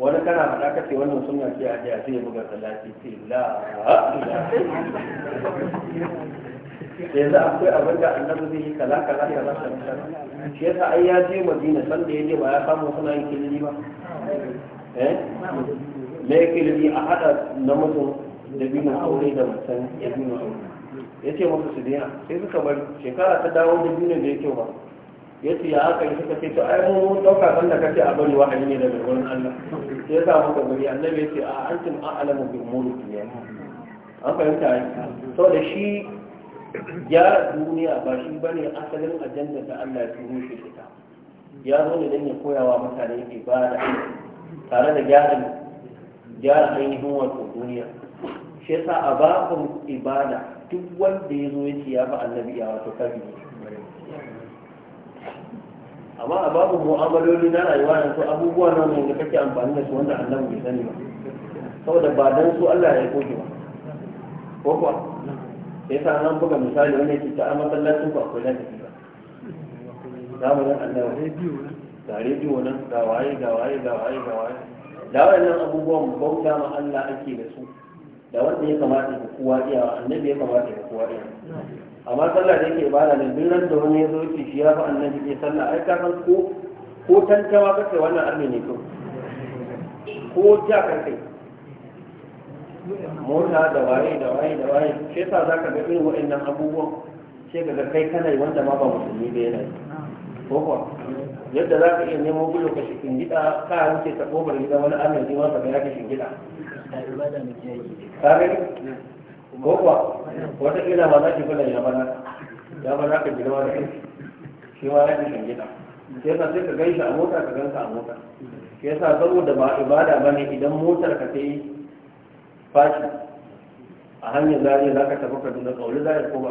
wani kana faɗa ka ce wannan suna ce a jiya sai ya buga salati ce la yanzu akwai abin da annabi zai yi kala-kala ya kaza shi yasa ai ya je madina san da ya je ba ya samu suna yin kilili ba eh me kilili a hada na mutum da bina aure da mutum ya bina aure ya ce musu su daina sai suka bari shekara ta dawo da bina da ya kyau ba ya ce ya haka yi suka ce to ai mun ɗauka kan da kace a bari wahayi ne daga wurin Allah sai ya sa muka guri annabi ya ce a antum a'lamu bi umuri dunya an fahimta ai to da shi gyara duniya ba shi bane asalin ajandar da Allah ya turo shi ita ya zo ne dan ya koya wa mutane ibada tare da gyara gyara ainihin wato duniya shi yasa a babun ibada duk wanda ya zo ya ce ya fi annabi ya wato kabi amma a babu mu'amaloli na rayuwa yanzu abubuwa na wanda kake amfani da su wanda annabi bai sani ba saboda ba dan su Allah ya koke ba ko kuwa sai sa nan buga misali wani yake ta masallacin ba akwai lafiya zamanin annabi da rediyo nan ga waye ga waye ga waye ga waye da wayannan abubuwan bauta ma Allah ake da su da wanda ya kamata ga kuwa iya annabi ya kamata ku kuwa iya amma sallah da yake ibada ne duk ran da wani ya zo yake shi ya fi annabi ke sallah ai ka san ko ko tantawa kake wannan arme ne to ko ja kai mota da waye da waye da waye ke sa zaka ga irin waɗannan abubuwan ke ga ga kai kana wanda ma ba musulmi ba yana ko ko kuwa yadda za ka iya nemo gudu ka shi gida ka hanke ta kofar gida wani ne ma ka ga ya ka shi gida ka gani ko kuwa wata kila ba za ki kula ya bana ya bana ka girma da kai shi ma ya kishin gida shi sa sai ka gaishe a mota ka ganka a mota shi sa saboda ba ibada ba ne idan motar ka ta yi fashi a hanyar zariya za ka tafi ka duna tsauri zariya ko ba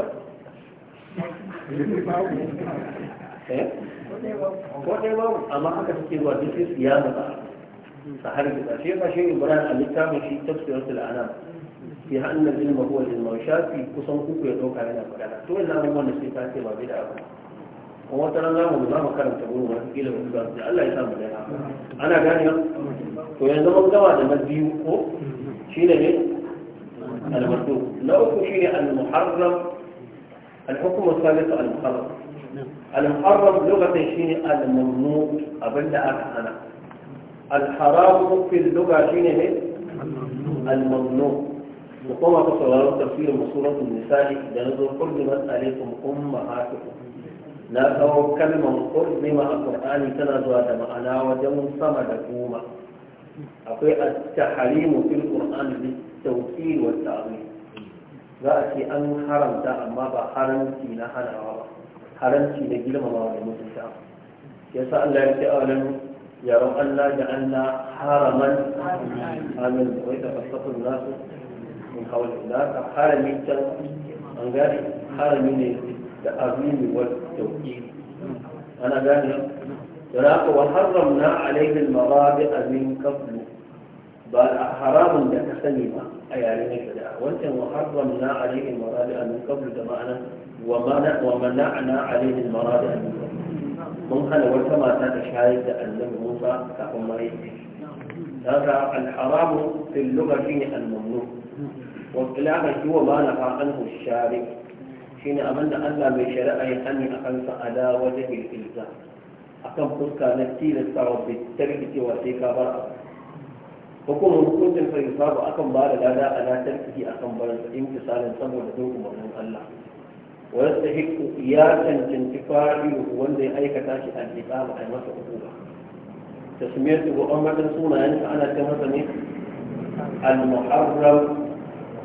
eh? ko dai babu amma haka take zuwa duk sai siyasa ta har gida shi yasa shi ibrahim a littafin shi tafsiratul anam في أن العلم هو للمرشاد في قصم كفر يدوك علينا فلا نعم، تقول لا أمام نسيطة ما بدا أبدا وما ترى الله من الله كان تقول ما تقول ما تقول ما تقول ما أنا قاني أبدا وينظم الدواء لما تبيوه شين أجل المرتوب لو كشين المحرم الحكم الثالث المحرم المحرم لغة شين الممنوع أبدا أنا الحرام في اللغة شين الممنوع mu koma ku sauraron tafsirin suratul nisa'i da nazo kullimat alaikum ummahatukum na kawo kalmar kullima a qur'ani tana zuwa da ma'ana wajen sama da goma akwai at-tahrimu fil qur'ani bi tawqir wa ta'wil za a ce an haramta amma ba haramci na hanawa ba haramci na girmamawa da mutunta yasa Allah ya ce Allah da Allah haraman amin da من حول الله حال من التوحيد حال من التأمين والتوحيد أنا قال تراك وحرمنا عليه المرابع من قبل بل حرام لك سلمة أي علينا كذا وانت وحرمنا عليه المرابع من قبل دمعنا ومنعنا عليه المرابع من قبل من خلا وتما تات شاهد أنه موسى كأمريك هذا الحرام في اللغة فيه الممنوع wakilaka shi wa ba na fatan ku shi ne abinda Allah mai shari'a ya sani a kansa a da wata ilfilza a kan fuska na tilasta wa bai tarkice sai ka ba a hukumar hukuncin fahimta ba akan ba da lada a na tarkice a kan barin sa imtisalin saboda zo umarnin Allah wani ta ya cancanci fariyu wanda ya aikata shi a jiɗa ba a yi masa uku ba tasmiyar su gobe matan sunayen ana ta masa ne al-muharram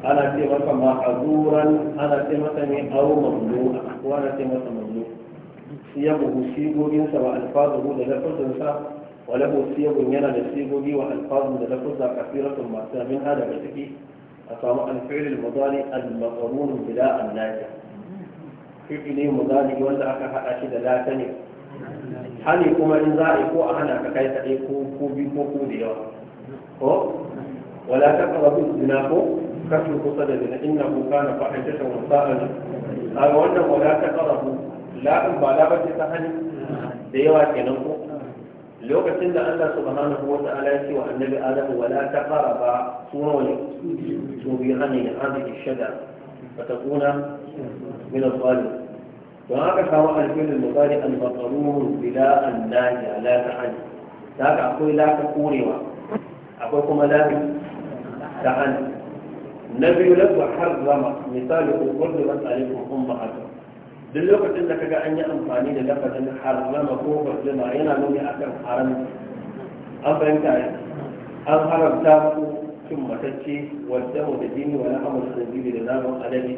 على سمة معذورا على سمة أو مظلوعا وعلى سمة مظلوعا سيبه سيبه جنس وألفاظه للفظ جنسا وله سيبه ينا لسيبه وألفاظه للفظ كثيرة ما من هذا بشكي أصام الفعل المضالي المضرون بلا الناجة فعل مضارع يوزع كحاشد لا تنف هل يكون من ذائقه أنا ككي تأيقه كوبي كوبي ولا تقربوا الزناكو فتلك صدد لأنه كان فاحشة وساء قال وأنه لا تقرب لا مبالغة تهني ديوا كنمو لو قلت أن الله سبحانه وتعالى والنبي آدم ولا تقرب سوني مبيعني هذه الشدى فتكون من الظالم وهذا كما قال الفيل المطالع أن بلا الناجع لا تعني ذاك أقول لا تقولي أقول لكم لا تعني na biyu na zama misali hukundu na tsalikun umma haka duk lokacin da kaga an yi amfani da lafazin zama ko farjima yana nuni akan haram an fahimta ya an haramta ku cin matacce wadda mu da jini wani amur da jini da namun alade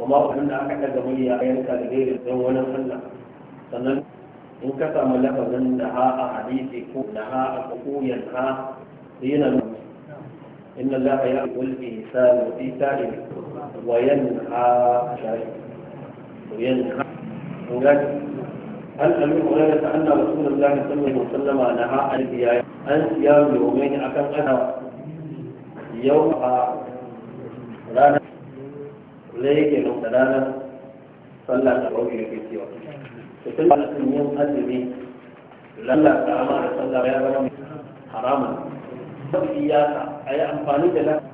wa ma wanda aka daga murya a yanka da gaira don wani allah sannan in ka samu lafazin da ha a hadisi ko da ha a kukuyar ha yana nuni إن الله يأمر الإنسان بإيتاء وينهى وينهى هل أمير هريرة أن رسول الله صلى الله عليه وسلم نهى عن البياع أن صيام يومين أكثر أنا يوم رانا يوم رانا صلى الله عليه وسلم فكل يوم أدمي لله تعالى صلى الله عليه وسلم حراما zafi yasa a yi amfani da lafi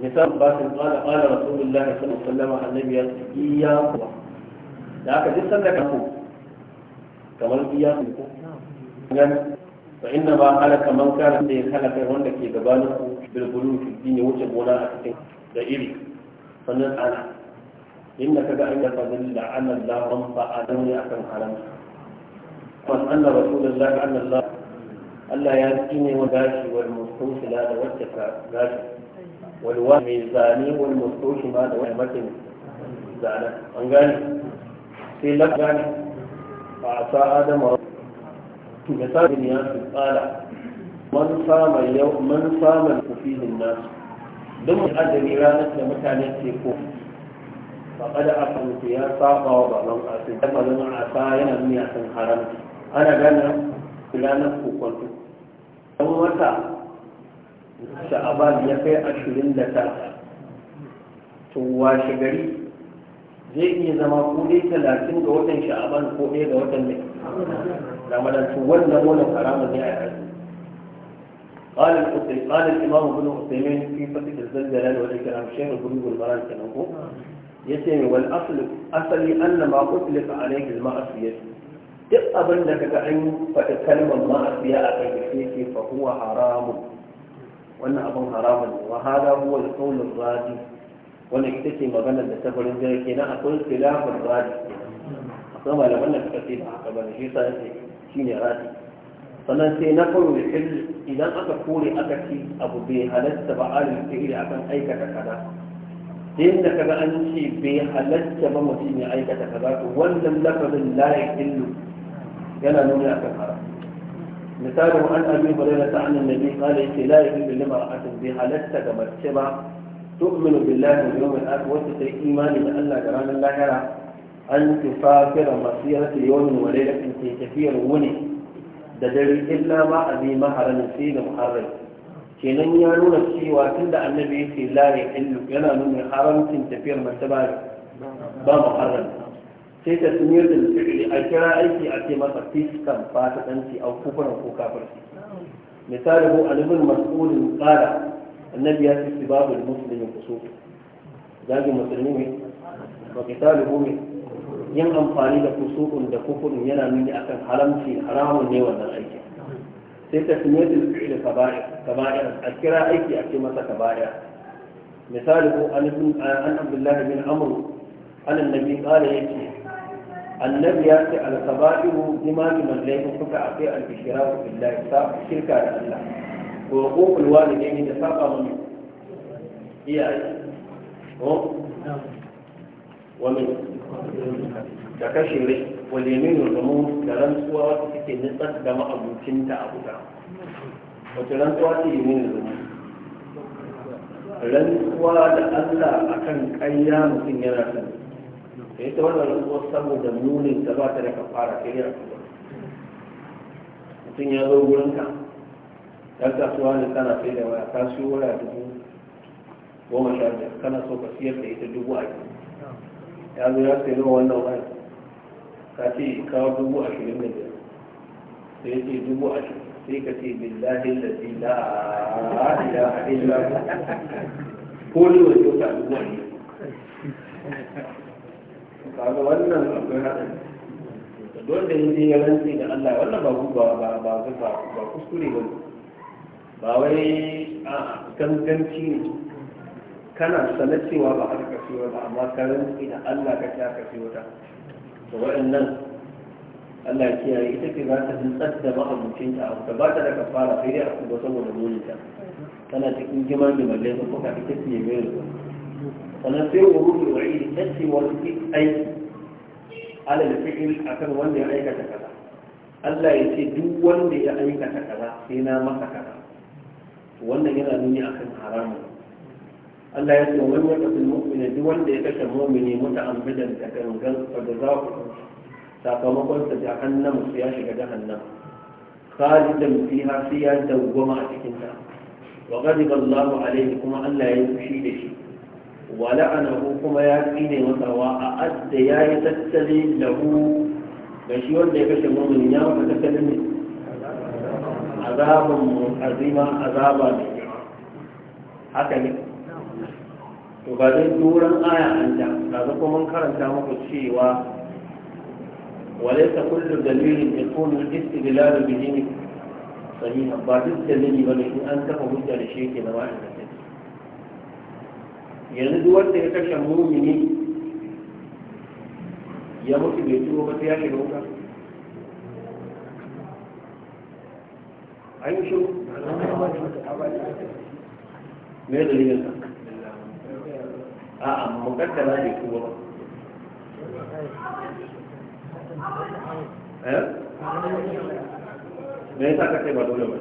misal ba basin tsada ƙwada rasulullah ya sanu sallama annabi ya su iya kuwa da aka ji sanda ka ko kamar iya ku ko gani fa inna ba ala kaman kana sai kala kai wanda ke gabanin ku bilbulu fi dini wuce gona a cikin da iri sannan ana inda kaga an yi fadin da an Allah ban fa'adan ne akan haram wa anna rasulullah anna Allah Allah ya ne wa gashi wal mustawshila da wacce ka gashi wal mai mai wa wal ma da wani mutum zana an gane sai la gane a sa adama ya sa bin ya su tsala man sama yau man sama din nasu don mai adami ranar da mutane ke ko faƙada a fahimta ya saba wa baban asin da mazan asa yana nuna sun haram ana gana ranar kokonto ɗan wata sha'aban ya kai ashirin da ta tuwa shigari zai iya zama ko talatin ga watan sha'aban ko ɗaya ga watan mai ramadan to wannan wannan haramun ne a yanzu قال الحسين قال الامام ابن عثيمين في فتح الزلزال والاكرام شيخ البلوغ والبران كان يقول يتم والاصل اصلي ان ما اطلق عليه المعصيه duk abin da kaga an faɗi kalmar ma'asiya a kan sai ke fa huwa haramun wannan abin haramun ne wa hada huwa alqawlur radi wannan ita ce maganar da ta farin jira kenan akwai khilafur radi akwai malaman da suka ce ba haka bane shi yasa yake shine radi sannan sai na kawo hil idan aka kore aka ci abu bai halatta ba a alil fi'li akan aikata kaza inda kaga an ce bai halatta ba mutum ya aikata kaza to wannan lafazin la illu. yana nuni akan haram misali an abi hurairah ta annan nabi qala yake la a limra'atin bi halatta ga mace ba tu'minu billahi wal yawmil akhir wata ta imani da Allah da ranar lahira an tufafira masirata yawmin wa lailatin ta tafiyar wuni da dare illa ma abi maharan sai da muharram kenan ya nuna cewa tunda annabi yake la ya yana nuna haramcin tafiyar mace ba ba sai ta sunyar da fi'li a kira aiki a ce masa fiskan danci a kufuran ko su misali ko alibin mas'ulin tsara annabi ya da musulmi muslimi so zagi musulmi ne wa ko ne yin amfani da kusukun da kufurin yana nuni akan haramci haramun ne wannan aikin sai ta sunyar da fi'li kaba'ir a kira aiki a ce masa kaba'ir misali ko an abdullahi bin amr an annabi ya yake annabi ya ce alkaba'iru imani mallai suka afi al-ishraku billahi ta shirka da Allah ko hukul walidaini da saba mun iyaye ko wani min da kashin rai wa leminu zamu da rantsuwa wata take nutsar da ma'abucinta a guda wata rantsuwa ce leminu zamu rantsuwa da Allah akan ƙarya mutum yana sani da ita wannan rantsuwar saboda nunin ta ba ta da kafara sai ya rantsuwa mutum ya zo wurin ka dan kasuwa ne kana sai da waya ka siyo waya dubu goma sha biyar kana so ka siyar da ita dubu a ya zo ya sayi wannan waya ka ce kawo dubu ashirin da biyar sai ya ce dubu ashirin sai ka ce billahi lalzi la ila illa ko ne wani yau ta dubu a ashirin kaga wannan akwai haɗari wanda ya je ya rantse da Allah wannan ba ba ba kuskure ba ba wai a ganganci ne kana sanar cewa ba haka kashe ba amma ka da Allah ka ta kashe wata to waɗannan Allah kiyaye ita ce za ta nutsar da ma'abucin ta abu ba ta daga fara sai dai a kuma saboda munita tana cikin jimar da mallai kuka ita ce mai rubutu sannan sai wururu da wa'i kaccewar duk aiki alal fi'il akan wanda ya aikata kaza Allah ya ce duk wanda ya aikata kaza sai na masa kaza wannan yana nuni akan haramun Allah ya ce wani wata sun mu'mina duk wanda ya kashe mu'mini muta'ammidan da gangan da za ku sakamakon sa jahannamu ya shiga jahannam khalidan fiha sai ya dawwama a cikin ta wa ghadiba Allahu alayhi kuma Allah ya yi fushi da shi kuma ولعنه كما ya yi أعد da hu da shi wanda ya kashe mumin ya wata tattalin ne a azabin azima a azaba ne haka ne to ba zai turan aya an ta kaza kuma karanta muku cewa walai ta kullu dalilin yakunu al-istidlal bihi sahiha ba duk dalili bane in an taba hujjar shi ke na wa'ida yanzu duk wanda ya kashe mumini ya mutu bai tuwo ba sai ya shiga wuta an yi shiru me dalilin ka a'a mukaddara bai tuwo ba eh? me yasa ka ce ba dole ba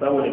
saboda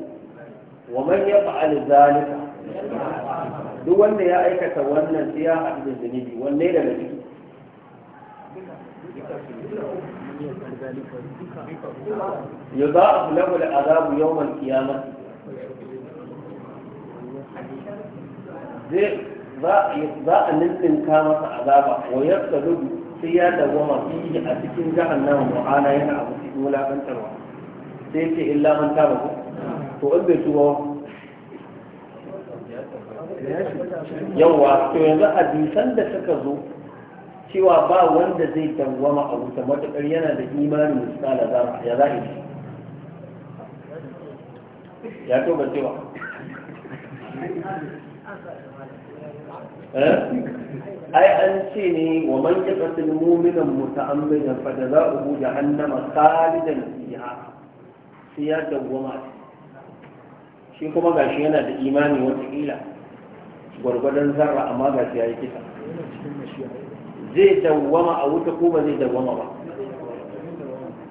wa man ya fa'al zalika duk wanda ya aikata wannan sai ya haɗu da zunubi wanne daga ciki ya za a fulahu da azabu yawon kiyama za a ninninka masa azaba wa yadda rubu sai ya da goma fiye a cikin jahannama mu'ana yana abu cikin wulaƙantarwa sai ce illa man taba ku to in bai tuba yawa to yanzu a hadisan da suka zo cewa ba wanda zai tangwama a wuta matuƙar yana da imanin misala zara ya za'i ya to ba cewa eh? ai an ce ne wa man yaqtul mu'mina muta'ammidan fa jazaohu jahannama khalidan fiha sai ya tangwama shi kuma gashi yana da imani watakila gwargwadon zarra amma gashi ya yi kisa zai dawwama a wuta ko ba zai dawwama ba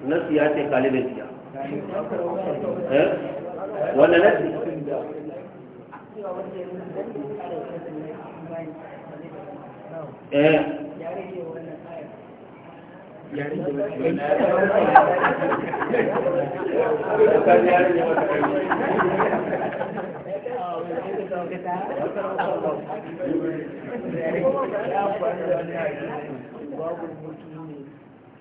nasu ya ce kalibin siya eh? wanda nasu eh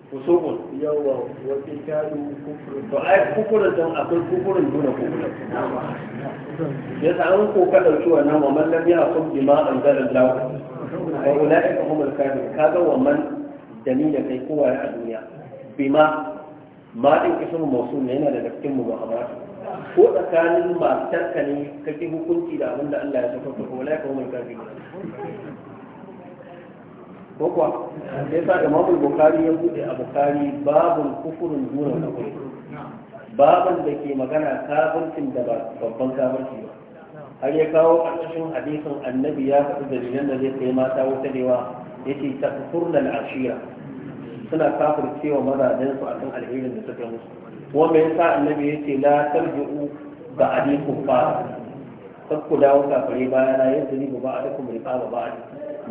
fusukun yawa wata kyalu kukurin. to ai kufurin don akwai kukurin nuna kukurin. ya sa'an ko ka ɗauki wannan wa mallam ya sun bi ma an zarar lawa wa ula'ika humul kafir kaga wa man da ni da kai kowa a duniya bima ma din mu mawsul ne yana da mu muhammad ko tsakanin matar ka ne kake hukunci da abin da Allah ya saka ko wala ka umar kafi ko kuwa sai sa Imam bukari ya bude a bukari babu kufurin kufrun na kufri baban da ke magana kafircin da ba babban kafirci ba har ya kawo ƙarƙashin hadisin annabi ya faɗi dalilan da zai kai mata wuta da yawa yace takfurna al-ashira suna kafir cewa mazajen su akan alherin da suka musu wa me yasa annabi ce la tarji'u ga alikun ba kar ku dawo kafare baya na yadda ni ba a dukkan riqaba ba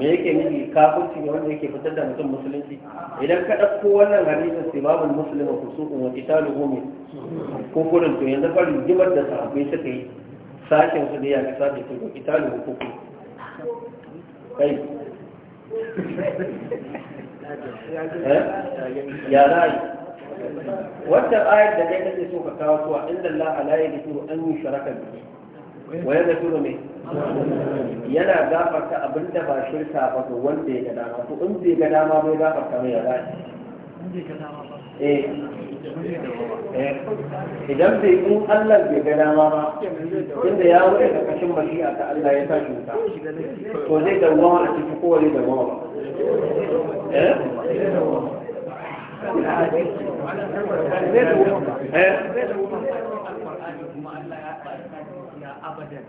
me yake nufi kafirci ne wanda yake fitar da mutum musulunci idan ka ɗauko wannan hadisin sibabul muslima fusuqun wa qitaluhu min kufurin to yanzu fa rigimar da sahabbai suka yi sashen su ne ya ga sashen su ko qitaluhu kufur kai Eh? ya za wata ayar da dai kake so ka kawo a inda Allah la yadhkuru an yi yushraka waye da yadhkuru me yana gafarta abinda ba shirka ba ga wanda ya ga dama to in bai ga dama bai gafarta mai ya ba eh idan bai kun Allah bai ga dama ba inda ya wuce karkashin mashi'a ta Allah ya tashi ta to zai dawwama a cikin kowane dawwama ba eh abadan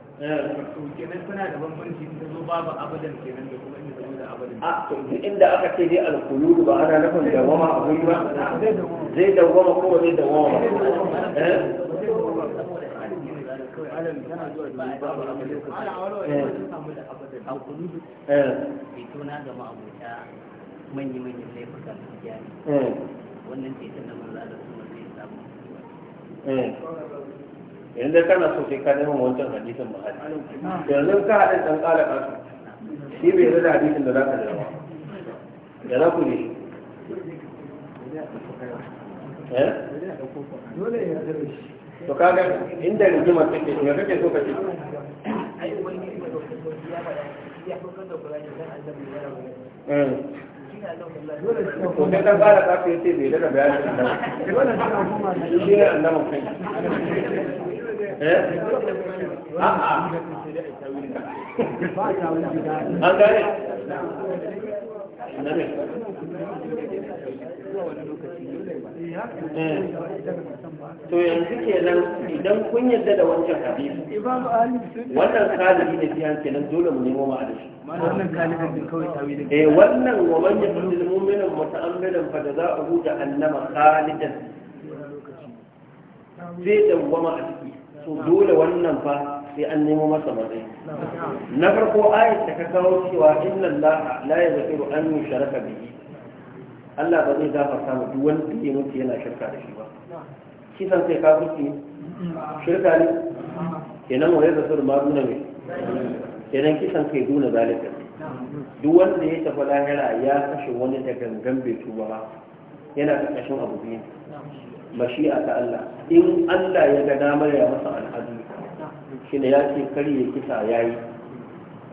to kenan suna da bambanci ta zo babu abadan kenan da kuma inda a duk inda aka ce dai alkulu ba ana nufin dawama a wuri ba zai dawama ko zai dawama manya-manyan laifukan dukiya ne wannan ceton da manzo da kuma zai samu yanzu kana so sai ka neman wancan hadisin mahali yanzu ka haɗin ɗan ƙara ƙasa shi bai yarda da hadisin da za ka jira ba ya za ku ne eh? to kaga inda rigimar take ne kake so ka ce da Qur'ani dan annabi ya eh. sai dan fara tsafi yace bai daga shi ne annabi kai Eh? an eh. to yanzu kenan idan kun yadda da wancan hadisi wannan kalibi da biyan kenan dole mu nemo ma'ana shi wannan kalibin kawai tawilin eh wannan wa man yaqtul mu'mina muta'ammidan fa annama kalibin sai zai dawwama a ciki to dole wannan fa sai an nemo masa matsayi na farko ayat da ka kawo cewa inna Allah la yaghfiru an yushraka bihi Allah ba zai gafarta mu duk wanda ya mutu yana shirka da shi ba kisan sai ka kuci shirka ne kenan wa yaghfiru ma duna ne kenan kisan kai duna zalika duk wanda ya tafi lahira ya kashe wani da gangan bai tuba ba yana kashin abu biyu mashi'a ta Allah in Allah ya ga damar ya masa al'adu shi ne ya ce karye kisa ya yi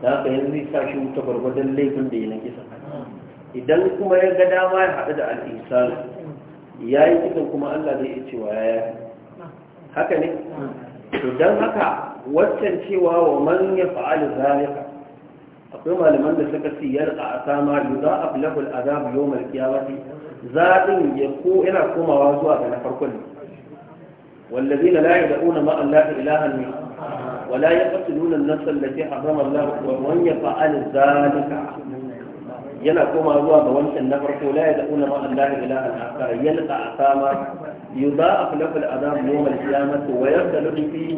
da haka yanzu zai sa shi wuta gwargwadon laifin da ya na kisa idan kuma ya ga dama ya haɗu da al'isan ya yi kisan kuma Allah zai iya cewa ya yi haka ne don haka waccan cewa wa man ya fa'ali akwai malaman da suka ce yarka a sama yuza ablahu al'azab yawm al-qiyamati zaɓin ya ko yana komawa zuwa ga na farkon والذين لا يدعون مع الله إلها ولا يقتلون النفس التي حرم الله ومن يفعل ذلك yana koma zuwa ga wancan na farko la yad'una ma Allah ilahan akhar yalqa asama yudha'af lahu al'adab yawm al-qiyamah wa yakhlud fihi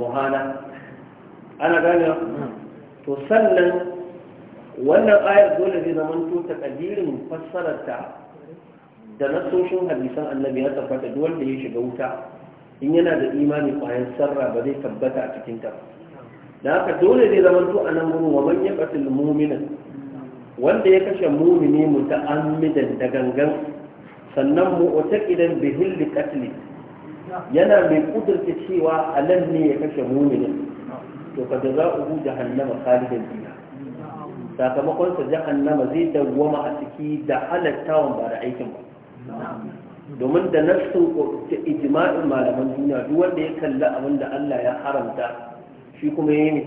muhana ana gane to sannan wannan ayar dole zai zama to kadirin fassararta da nasoshin hadisan annabi ya tabbata duk wanda ya shiga wuta in yana da imani kwayan sarra ba zai tabbata a cikin ta da haka dole zai zama to a nan gurin wa manya ya mu'mina wanda ya kashe mu'mini muta'ammidan da gangan sannan idan bihil qatli yana mai kudurta cewa alan ne ya kashe mu'minin to fa jaza'uhu jahannama khalidan fiha sakamakon sa jahannama zai dawwama a ciki da halattawan ba da aikin ba domin da nassin ta ijma'in malaman duniya duk wanda ya kalli abin da Allah ya haramta shi kuma yayi ne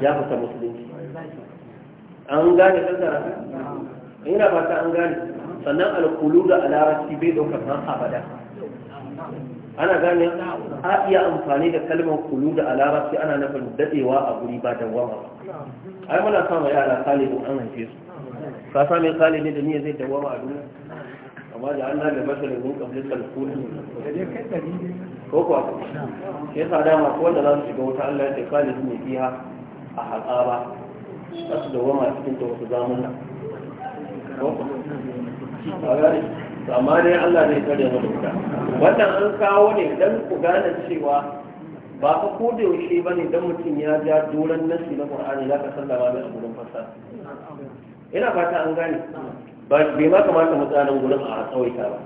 ya fita musulunci an gane kasara ina ta an gane sannan alkulu da alarasi bai daukar har abada ana gane a iya amfani da kalmar kulu da alarabci ana nufin dadewa a guri ba da ba ai muna sama yara kalibu an haife su ka sami kalibu da niyya zai dawama a duniya amma da an da bashirin mun kamar kalkulu ko kuwa sai sa dama ko wanda za su shiga wuta Allah ya ce kalibu ne biya a halaba za su dawama cikin ta wasu zamun nan ko kuwa amma dai Allah zai kare mu da wuta wannan an kawo ne dan ku gane cewa ba fa ko da yaushe bane dan mutum ya ja doran nasi na Qur'ani zaka sallama da gurin fassara ina fata an gane ba bai ma kamata mu tsanan gurin a tsawaita ba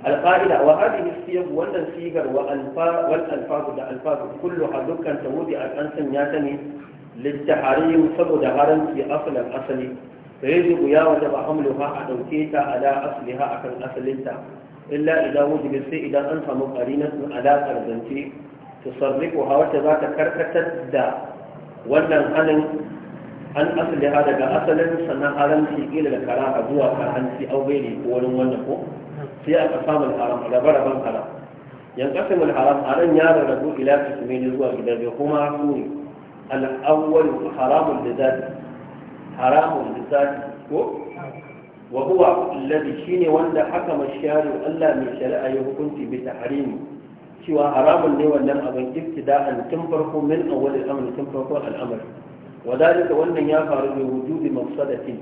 القاعدة وهذه السيغ والنسيغر والألفاظ والألفاظ كلها دكا تودي الأنسان ياتني للتحريم سبو saboda في أصل asali. fa yajibu ya wajaba hamluha a dauke ta ala asliha akan asalinta illa idan wujibi sai idan an samu qarinatun ala qarzanci tusarrifuha wacce za ta karkatar da wannan hanin an asliha daga asalin sannan haramci ila da a zuwa karanci au gairi ko wani wannan ko sai aka samu haram rabe-raben haram yankasim haram haram ya rarrabu ila zuwa kuma ne haramun da haramun lissafi ko wa huwa alladhi shine wanda haka mashari Allah mai shari'a ya hukunci bi tahrimi cewa haramun ne wannan abin ibtida'an tun farko min awwal al-amr tun farko al-amr wadalika wannan ya faru da wujudi mafsadatin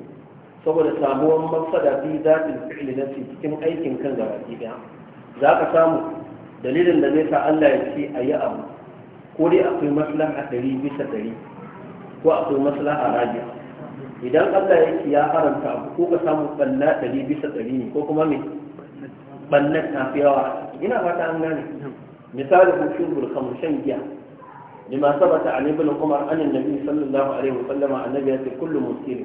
saboda samuwar mafsada bi zatin fi'li nafsi cikin aikin kan gabaki Za ka samu dalilin da zai sa Allah ya ce ayi abu ko dai akwai maslaha 100 bisa dari ko akwai maslaha raji'a idan Allah yake ya haramta abu ko ka samu banna ɗari bisa ɗari ne ko kuma me bannan ta fi yawa ina fata an gane misali hukun burkamu shan giya lima sabata ali ibn umar an annabi sallallahu alaihi wa sallama annabi ya ce kullu muskiri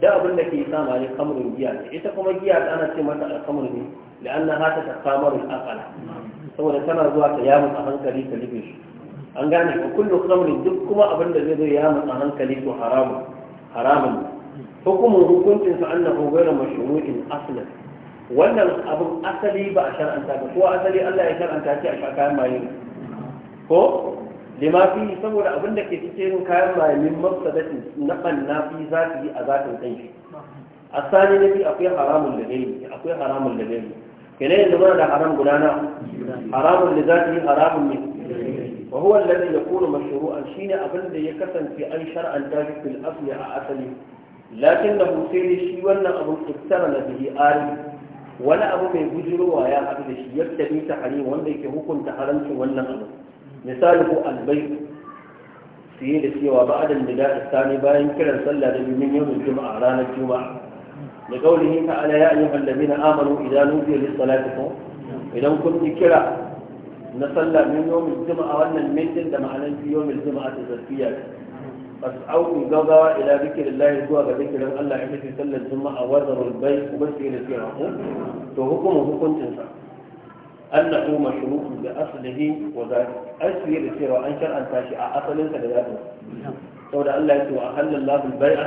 da abin da ke sama ma ne kamrun giya ita kuma giya ana ce mata alkamur ne la'anna hata ta kamarul aqala saboda tana zuwa ta yamu a hankali ta libe shi an gane ko kullu kamrin duk kuma abin da zai zo yamu a hankali to haramun haramun hukumin hukuncin su annahu ghayra mashru'in aslan wannan abin asali ba a shar'anta ba ko asali Allah ya shar'anta shi a kayan maye ko lima saboda abin da ke cikin kayan maye min mafsadatin na banna fi yi a zatin kan shi sani na fi akwai haramun da gani akwai haramun da gani kenan yanzu muna da haram gudana haramun da za ta yi haramun ne وهو الذي يكون مشروعا شين أبن دي يكسن في أي شرعا تاجد في الأصل أصلي لكنه سيري شي ولا أبو اقترن به آل ولا أبو من بجروا ويا أبو شي يبتدي تحريم ولا يكون تحرمت ولا أبو مثاله البيت سيري سيوا بعد النداء الثاني باين كلا صلى من يوم الجمعة رانا الجمعة لقوله تعالى يا أيها الذين آمنوا إذا نودي للصلاة إذا كنت كلا na sallah min yawmin juma'a wannan mitin da ma'anar fi yawmin juma'a ta zarfiya fas'au gaba ila zikrillahi zuwa ga zikirin Allah ya ce sallar juma'a wa zarul bai ku bar da cewa ku to hukumu hukuncin sa annahu mashru'un bi aslihi wa zalik asli da cewa an shar'anta shi a asalin sa da sau da Allah ya ce wa halallahu al-bai'a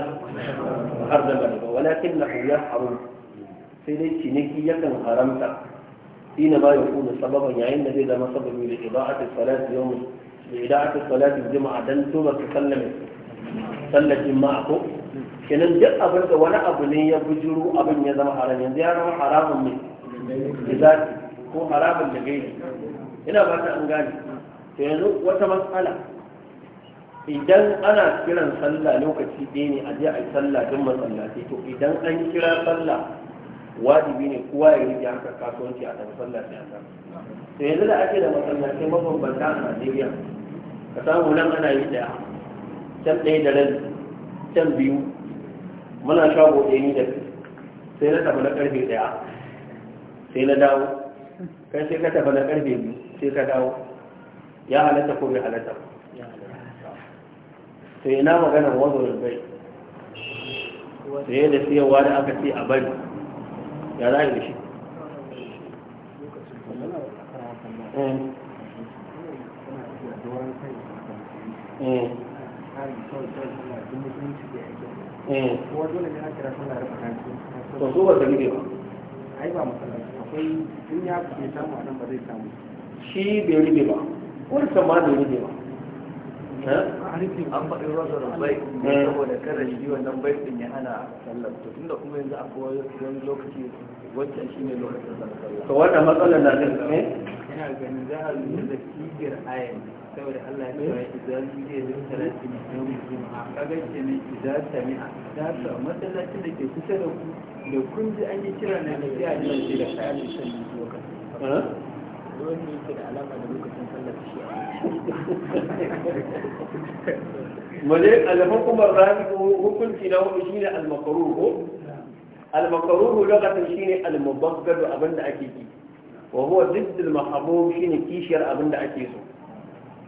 wa harrama riba walakinnahu yahrum sai dai ciniki yakan haramta حين ما يكون سببا يعني الذي ما سبب لإضاعة الصلاة يوم لإضاعة الصلاة الجمعة دن ثم تسلم صلى معكم kenan duk abin da wani abu ne ya bujuru abin ya zama haram yanzu ya zama haramun ne ko haramun da gaini ina ba ta an gane to yanzu wata matsala idan ana kiran sallah lokaci ɗaya ne a je a yi sallah don masallaci to idan an kira sallah wajibi ne kowa ya rike haka kasuwanci a kan sallah ne haka to yanzu da ake da masallatai mabambanta a Najeriya ka samu nan ana yi da can ɗaya da ran can biyu muna shago ɗaya ni da sai na tafi na ƙarfe ɗaya sai na dawo kai sai ka tafi na ƙarfe biyu sai ka dawo ya halatta ko bai halatta to ina magana wazo da bai sai da siyarwa da aka ce a bari ya za a yi da shi eh. Eh. to su wanda muke ba ai ba masallaci akwai in ya samu a nan ba zai samu shi bai rube ba wani ba bai rube ba an faɗin rasarar bai eh. saboda kada shi wannan bai ɗin ya hana sallar to tun kuma yanzu akwai wani lokaci wancan shi ne lokacin sallar to wannan matsalar na da ne ina ganin za a lura da kigir ayan saboda Allah ya ce idan zai yi salati ne yau juma'a kaga ce ne idan sami'a da ta masallacin da ke kusa da ku da kun ji an yi kira na da ya ji da kayan sallar lokacin eh? wanda yake da alama da lokacin sallar shi muje al-hukm ar hukunci na hudu shine almakaruhu makruh al-makruh lokacin shine al-mubaggad abinda ake ki wa huwa zidd al shine kishiyar abinda ake so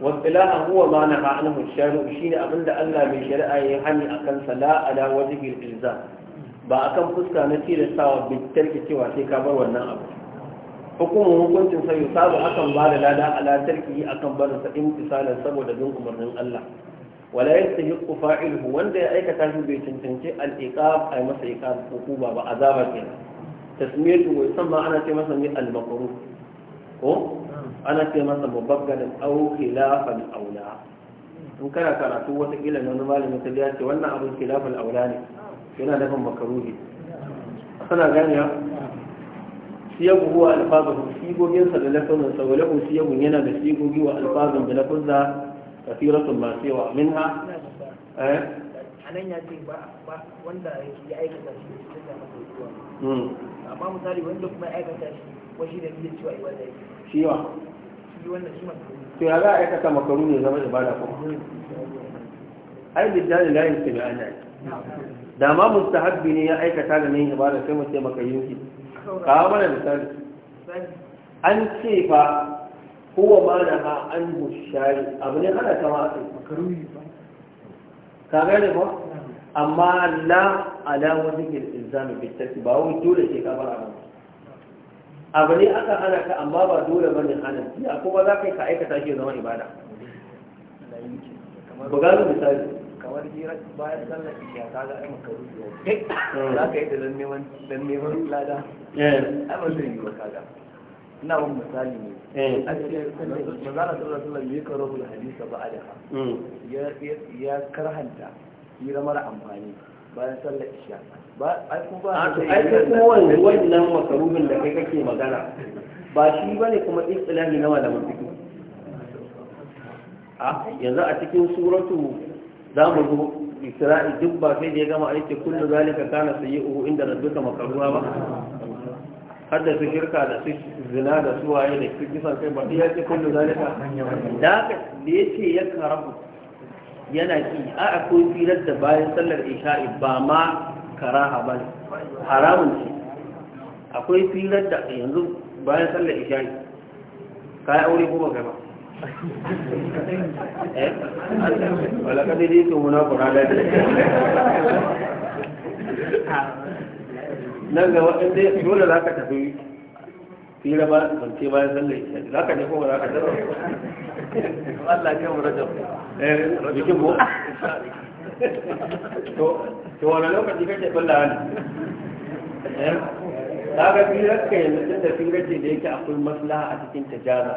والسلاح هو ما نهى عنه الشارع شين أبن الله من شرعه يعني أكن سلا على وجه الإلزام بأكن فسكا cewa sai ka bar wannan abu. hukumin hukuncin sai yusabu akan ba da lada ala tarki akan barin sa imtisalan saboda bin umarnin Allah wala yastahiqu fa'iluhu wanda ya aikata shi bai cancanci al-iqab ay masa iqab hukuma ba azaba kenan tasmiyatu wa yusamma ana ce masa ni al-makruh ko ana ce masa mubaggadan aw khilafan aula in kana karatu wata kila na malami ta ce wannan abin khilafan aula ne yana nufin makruhi kana ganiya siyagu wa alfazahu sigoginsa da lafazansa wa lahu siyagun yana da sigogi wa alfazan da lafazza kasiratun masu yawa min ha eh anan ya ce ba wanda ya aikata shi da ta masa zuwa, amma misali wanda kuma ya aikata shi washi da biyan cewa ibada yake shi wa shi wannan shi makaru to ya za a aikata makaru ne zama ibada kuma hmm. ai bidani la yake bi ana da ma mustahabbi ne ya aikata da ne ibada sai mu ce maka yunki kawo mana misali an ce fa kowa ma na ha an bushari abu ne ana kama a ka gani ba amma la alamar zikin ilzami bittaki ba wani dole ce ka bar abu abu ne aka hana ka amma ba dole bane hana ya kuma za ka yi ka aikata shi zama ibada ba gano misali kamar hira bayan sallar isha ka ga ai maka rubuwa za ka yi da dan neman dan neman lada eh ai ba yi ba kaga ina wani misali ne eh. a ce manzana sallar sallar bai karo da hadisa ba alaha hmm. ya karhanta hira mara amfani bayan sallar isha ba ai kuma ba ah, ai kuma wannan wannan makarubin da kai kake magana ba shi ba ne kuma istilahi na malamin fiqh ah, yanzu a cikin suratu za mu zo isra'i duk ba sai da ya gama aiki kullu zalika kana uku, inda rabbuka makaruwa ba hadda su shirka da su zina da su waye da su kisan kai ba ya ce kullu zalika da haka da ya ce ya karabu yana ki a akwai firar da bayan sallar isha'i ba ma karaha ba haramun ce akwai firar da yanzu bayan sallar isha'i ka yi aure ko ba kai ba Eh? wala ka dai to muna kuna da dole fira ba kwance bayan sallar za ka nufo za ka tafi Allah ya mu rajab eh bikin mu to to wani lokaci kake balla ne eh kaga fira kai yanzu da fira ce da yake akwai maslaha a cikin tajara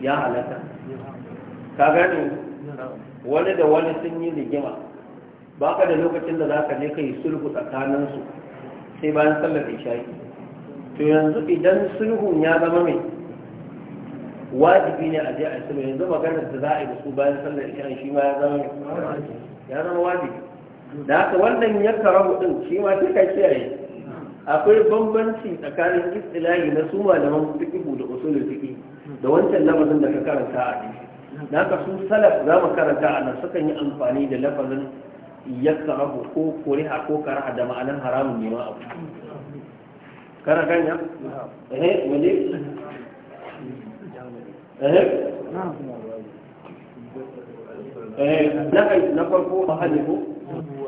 ya halatta ka gani wani da wani sun yi rigima ba ka da lokacin da za ka ne ka yi sulhu tsakaninsu sai bayan sallar isha'i to yanzu idan sulhun ya zama mai wajibi ne a je a sulhu yanzu maganar da za a yi da su bayan sallar isha'i shi ma ya zama ya zama wajibi da haka wannan ya kara hudun shi ma sai kiyaye akwai bambanci tsakanin istilahi na su malaman fiqh da usulun fiqh da wancan lamarin da ka karanta a ne da haka su salaf za mu karanta a nan sukan yi amfani da lafazin yakkarahu ko kuriha ko karaha da ma'anar haramun nema a abu kana ganya eh wani eh eh na kai na farko mahalifu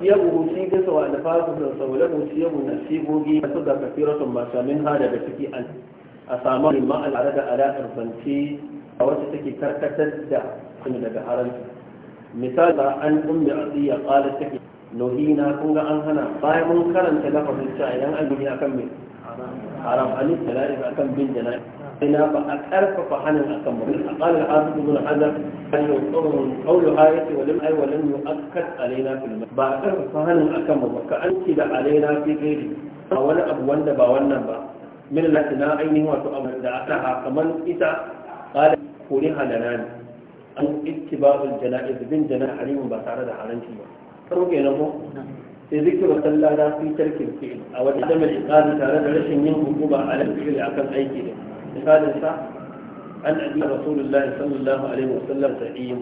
siyabu shi gasa wa alfasu da saulahu siyabu nasibogi masu da kafiratun masu min hada da suke alfasu a samu limma tare da alaƙar zance a wacce take karkatar da kuma daga haramci misali an ummi asiya qala take nuhina kun ga an hana bayan mun karanta lafazin cewa idan an gani akan me haram an yi talari akan bin jana'i ina ba a karfafa hannun akan mu. a qala al-hafiz ibn hajar an yuqawlu qawlu ayati wa lam ay wa lam yu'akkad alaina fil ba a karfafa hannun akan mu ka an ci da alaina fi ghairi a wani abu wanda ba wannan ba min latina ainihin wato abin da aka kamar ita qala kuri ne. an ittiba'ul jana'iz bin jana'i alimin ba tare da haranci ba kar muke na ko sai zikiru sallada fi tarkin fi'il a wani adamin iqadi tare da rashin yin hukuma a lan fi'il akan aiki da misalin sa an abi rasulullahi sallallahu alaihi wasallam ta'im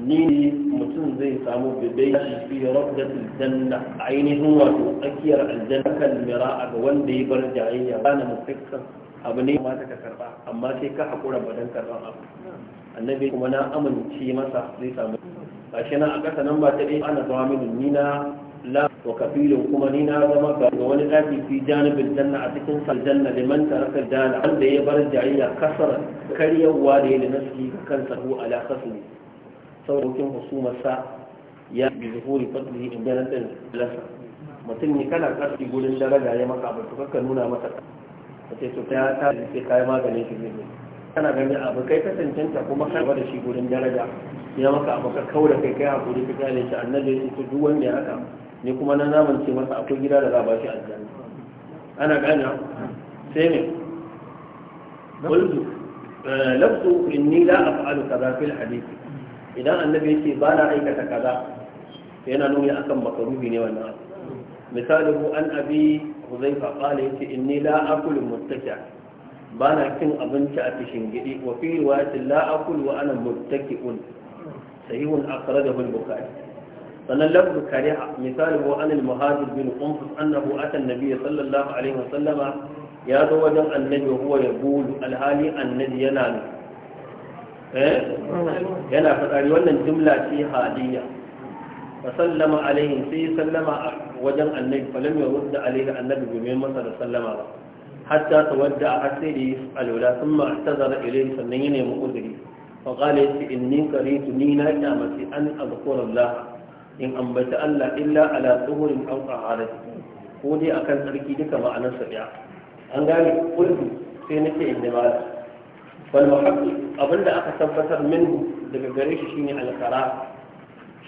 ni mutum zai samu bibai shi fi rabdatul janna ainihin wato akiyar aljanna kan mira a ga wanda ya bar jayayya bana mufikkan abu ne ma ka karba amma sai ka hakura badan karban abu annabi kuma na amince masa zai samu Ba shi na a ƙasa nan ba ta ɗaya ana zama mini ni na la wa kafilin kuma ni na zama ga wani ɗaki fi janibin janna a cikin saljanna liman taraka jana wanda ya bar jayayya kasar karyawa da ya da naski kansa ko ala kasni saurokin husumarsa ya bi zuhuri fadlihi in ganin ɗin lasa mutum ne kana ƙarfi gudun daraja ya maka abin to kakka nuna mata ka ce to ta ta sai kayan maganin shi zai kana gani abu kai kasancenta kuma ka da shi gudun daraja ya maka abu ka kawo da kai kai hakuri ka gane shi annabi ya ce duk wanda ya haka ne kuma na zamance masa akwai gida da za a bashi aljanna ana gane sai ne قلت لفظ إني لا أفعل كذا في الحديث idan annabi yake ba na aikata kaza yana nuni akan makaruhi ne wannan misali hu an abi huzaifa qala yace inni la akulu muttaki ba na cin abinci a cikin gidi wa fi riwayatin la akulu wa ana muttaki'un sahihun akhrajahu al-bukhari sannan lafzu kariha misali wa an al-muhajir bin qunfus annahu ata an-nabiy sallallahu alaihi wa sallama ya zo wajen annabi huwa yaqulu al-hali annabi yana Eh? yana fadari wannan jumla ce haliya fa sallama alaihi sai sallama wajen annabi falam ya rudda alaihi annabi bai masa da sallama ba hatta tawadda a sai da yi alwala sun ma tazara ilai sannan ya nemi uzuri fa qala yasi inni qaritu ni na kyamati an azkura allah in ambata allah illa ala tuhurin aw taharati ko dai akan sarki duka ma'anarsa daya an gane kullu sai nake inda malam wal muhaqqiq abinda aka tabbatar minhu daga gare shi shine al-qarar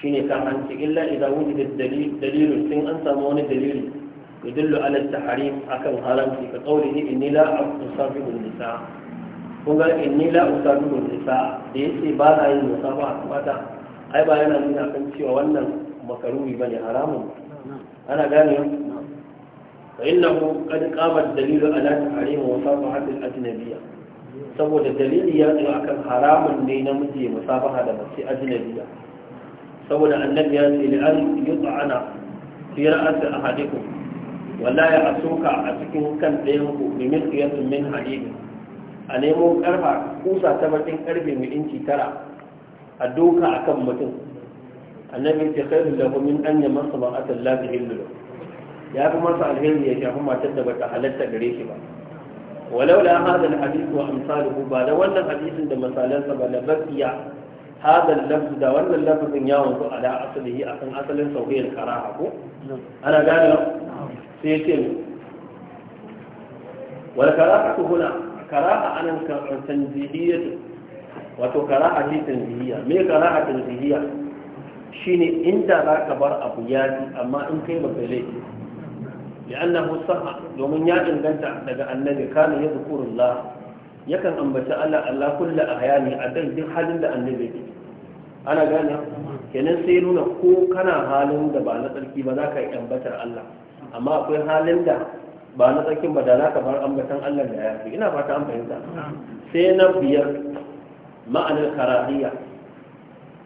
shine kan hanci illa idan wujida dalil dalilun sun an samu wani dalili dillu ala tahrim akan haramci ka qawlihi inni la usabihu nisa kun ga inni la usabihu nisa da yace ba na yin musaba mata ai ba yana nuna kan cewa wannan makaruhi bane haramun ana gane fa innahu qad qama ad-dalilu ala tahrim wa musabahati al-ajnabiyya saboda dalili ya zo akan haramun ne namiji ya musabaha da mace ajnabiya saboda annabi ya ce li an yut'ana fi ra'si ahadikum wala ya asuka a cikin kan ɗayan ku bi mithyatin min a nemo karfa kusa ta bakin karfe mai inci tara a doka akan mutum annabi ce khairu lahu min an yamassa ba'atan la tahillu ya kuma sa alheri ya shafi matar da bata halatta gare shi ba ولولا هذا الحديث وأمثاله بعد ولا حديث لما سالت بل بقي هذا اللفظ ده ولا اللفظ ينظر على أصله أصلا أصلا سوهي الكراهة أنا قال سيتم والكراهة هنا كراهة أنا تنزيهية وتكراهة هي تنزيهية ما كراهة تنزيهية shine inda za ka bar abu ya ji amma in kai ba kai laifi لأنه صح يوم يأتي أنت لقى النبي كان يذكر الله يكن أن بتألى الله كل أحياني أدل دي حال النبي أنا قال kenan sai nuna ko kana halin da ba na tsarki ba za ka yi ambatar Allah amma akwai halin da ba na tsarkin ba da za ka bar ambatan Allah da ya fi ina fata an fahimta sai na biyar ma'anar karahiyya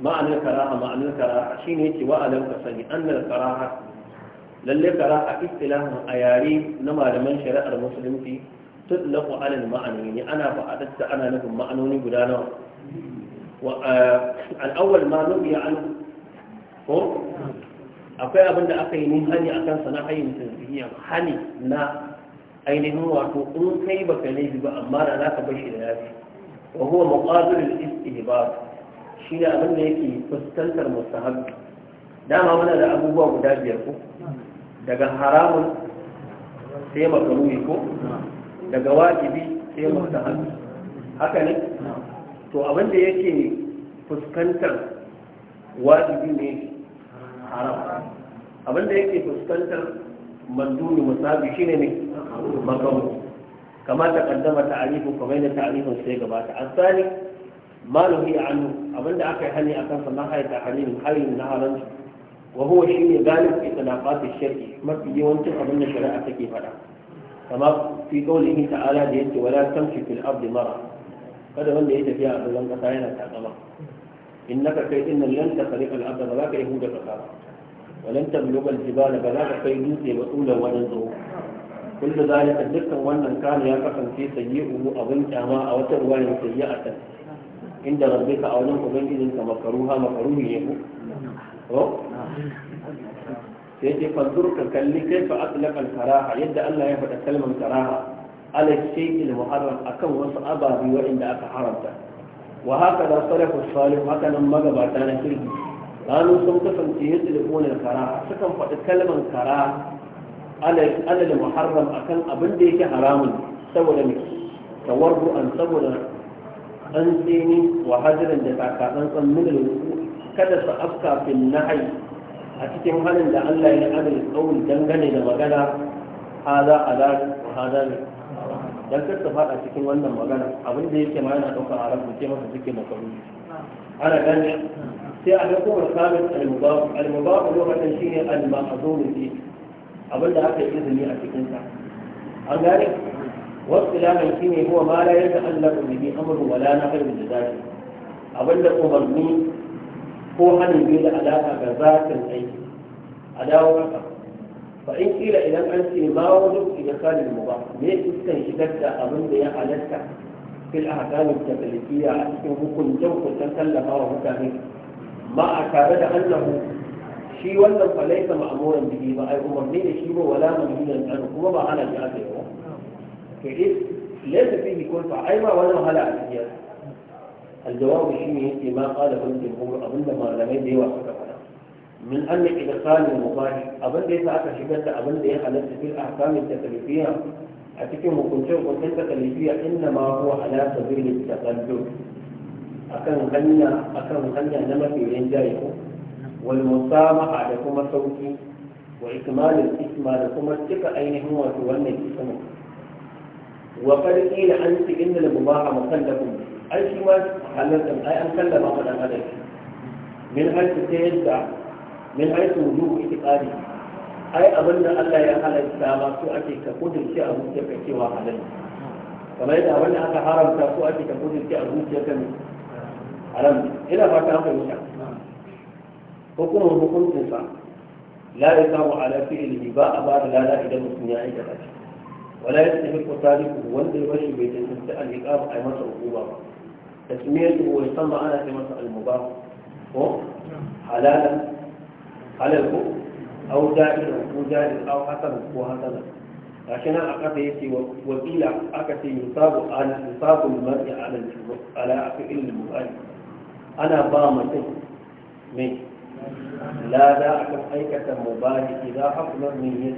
ma'anar karaha ma'anar karaha shine yake wa alam ka sani annal karaha lalle kara a istilahin a yare na malaman shari'ar musulunci tutlaqu alal ma'anoni ana fa'adatta ana nufin ma'anoni guda nawa wa ma nubiya an ko akwai abin da aka yi ni hani akan sana hayyin tasbiya hani na ainihin wato in kai ba baka laifi ba amma da ka bar shi da yafi wa huwa muqabil al-istihbab shi ne abin da yake fuskantar mustahabi dama muna da abubuwa guda biyar ko daga haramun sai makaruni ko daga wajibi sai mustahabi haka ne to abin da yake fuskantar wajibi ne haram abin da yake fuskantar mandumi musabi shine ne makamu kama ta kaddama ta'arifu kuma yana ta'arifin sai gabata asali maluhi anhu abin da aka yi hani akan sannan haita halin harin na haransu wa huwa shine galib itlaqat ash-shar'i mafi yawancin abin da shari'a take faɗa kama fi qawlihi ta'ala da yake wala tamshi fil ardi mara kada wanda ya tafiya a gaban kasa yana takama innaka kai innan lan tasriqa al-ardi ba za ka yahuda kasa ولن تبلغ الجبال بلاغ كي دوتي وطولا كل ذلك ذكر وانا كان يقفا في سيئه أظن كما أو تروان سيئة عند ربك أو لم أبنجد كمكروها مكروه يهو sai ce fanzur ka kalli kai fa atlaq karaha yadda Allah ya faɗa kalmar karaha ala shay'il muharram akan wasu ababi inda aka haramta wa haka da salafu salih haka nan magabata na kirki kanu sun kasance yadda da karaha sukan faɗi kalmar karaha ala da muharram akan abin da yake haramun saboda ne tawarru'an saboda an tsini wa hajjiran da takatsan tsan minal kada su afka fil nahyi a cikin halin da Allah ya adal kauli dangane da magana hada alal wa hada dan kar ta fada cikin wannan magana abin da yake ma yana dauka a rabu ce masa cikin makaruni ana gane sai a ga kuma kamin al-mubah al-mubah lokacin shine al-ma'zum fi abin da aka yi izini a cikin sa an gane wasu lamin shine huwa ma la yata'allaqu bi amru wala nahyu bi dhalik abin da umarni ko hannun biyu da alaƙa ga zafin aiki a dawo haka ba in kila idan an ce ma wani idan kalin mu ba me iskan shigar da abin da ya halatta fil ahkamin tabalikiya a cikin hukuncin hukuncin tallafa wa mutane ma a tare da annahu shi wannan fa laisa ma'amuran bihi ba ai umarni da shi ba wala manhiyan an kuma ba hana shi aka yi ba to eh, laisa fi kun fa ai ma wani wahala a cikin الجواب شيء يأتي ما قاله الجمهور أبدا ما لم يدي وسكفنا من أن إدخال المباح أبدا إذا أكشفت أبدا يخلت في الأحكام التكليفية أتكلم كنت كنت تكليفية إنما هو على سبيل التقلد akan hanya akan hanya na mafi rinjaye ko wal musamaha da kuma sauki wa ikmalul isma da kuma cika ainihin wato wannan isma wa qad qila an inna al mubaha mukallafun ai shi ma halal din ai an kallama ma dan adam min haitu ta yadda min haitu wudu itiqadi ai abin da Allah ya halatta ba su ake ka shi a zuciyarka cewa halal kamar yadda abin da aka haramta su ake ka shi a zuciyarka haram ina fata an fahimta hukumar hukuncinsa la ya samu ala fi'ilihi ba a ba da lada idan mutum ya aikata shi wala ya tafi ko tarihi wanda ya bashi bai tantance al'iqab ai masa hukuma ba تسميته ويصنع على في مسألة المباح حلالا على الكفر أو دائرا أو دائرا أو حسنا وهكذا لكن يسي وقيل أقتي يصاب على يصاب المرء على على فعل المؤلف أنا بامة من لا دا أكن أيكة مباح إذا حصل من يد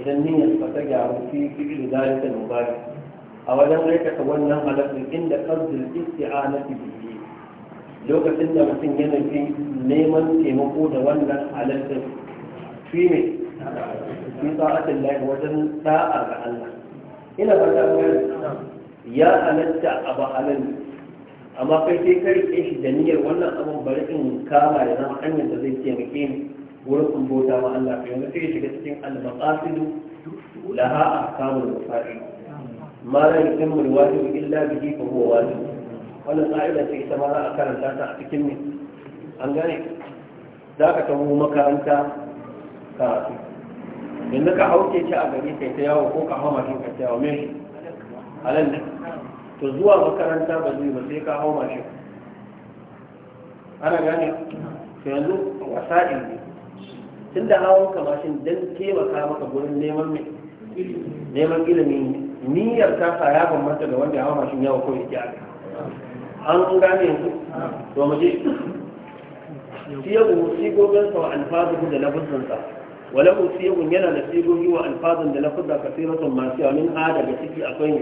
إذا النية فتجعل في فعل ذلك المباح a wajen aikata wannan halafin inda ƙarfin isti'anati bihi lokacin da mutum yana fi neman taimako da wannan halafin fi ne fi sa'atin lahi wajen sa'a ga Allah ina ba ta ya halatta abu halal amma kai sai ka rike shi da niyyar wannan abin bari in kama da zama hanyar da zai taimake ni wurin kumbota ma Allah kai wanda sai shiga cikin al-maqasidu laha ahkamul mafarid ما لا يتم الواجب إلا به فهو واجب wannan ƙa'ida في ita ma a karanta a cikin ne an gane za ka taho makaranta karatu yanzu ka hauke shi a gari kai ta yawo ko ka hau mashin kai ta yawo me shi halal ne to zuwa makaranta ba zai ba ka mashin tun da hawan don taimaka maka gurin neman ilimi niyyar ta sa ya bambanta da wanda ya hawa mashin yawa ko yake aka an gane yanzu to mu je siyagu sigogin sa wa alfazu da lafazin sa walahu ku siyagun yana da sigogi wa alfazun da lafuzza kasiratun masu yawa min ada da ciki akwai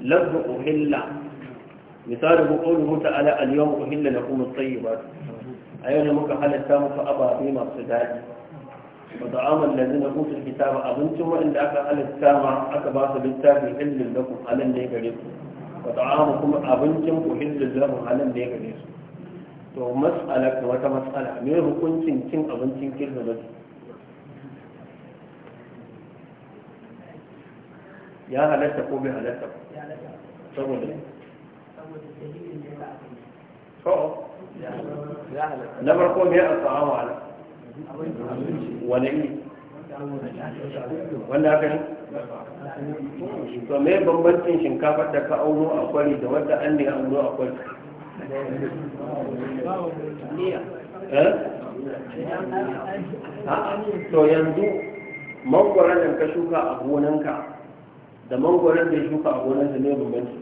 lafzu uhilla misalu qawluhu ala al yawm uhilla lakum at-tayyibat ayyana muka halatta muku ababe masu dadi. وطعام الذين اوتوا الكتاب ابنتم وان اكا السامع اكا باس بالتافي حل لكم على اللي غريكم وطعامكم ابنتم حل لكم على اللي غريكم to matsala ta wata matsala me hukuncin cin abincin kirsimeti ya halatta ko bai halatta saboda na farko me a tsawon wahala wane wanda aka yi to me bambancin shinkafar da ka auno a kwari da wadda an ne auno a kwari eh? to yanzu mangwaran da ka shuka a gonanka da mangwaran da ya shuka a gonanka ne bambanci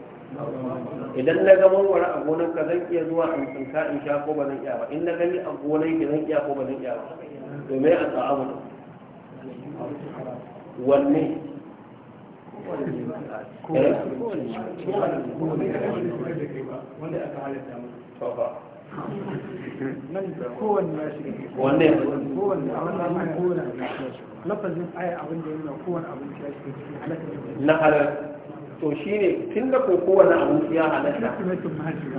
idan na ga mangwara a gonan ka zan iya zuwa in tsinka in sha ko ba zan iya ba in na gani a gonan ki zan iya ko ba zan iya ba to me a ta'amu wanne wanne kowane na halar to ne tun da ko kowane abu ya halatta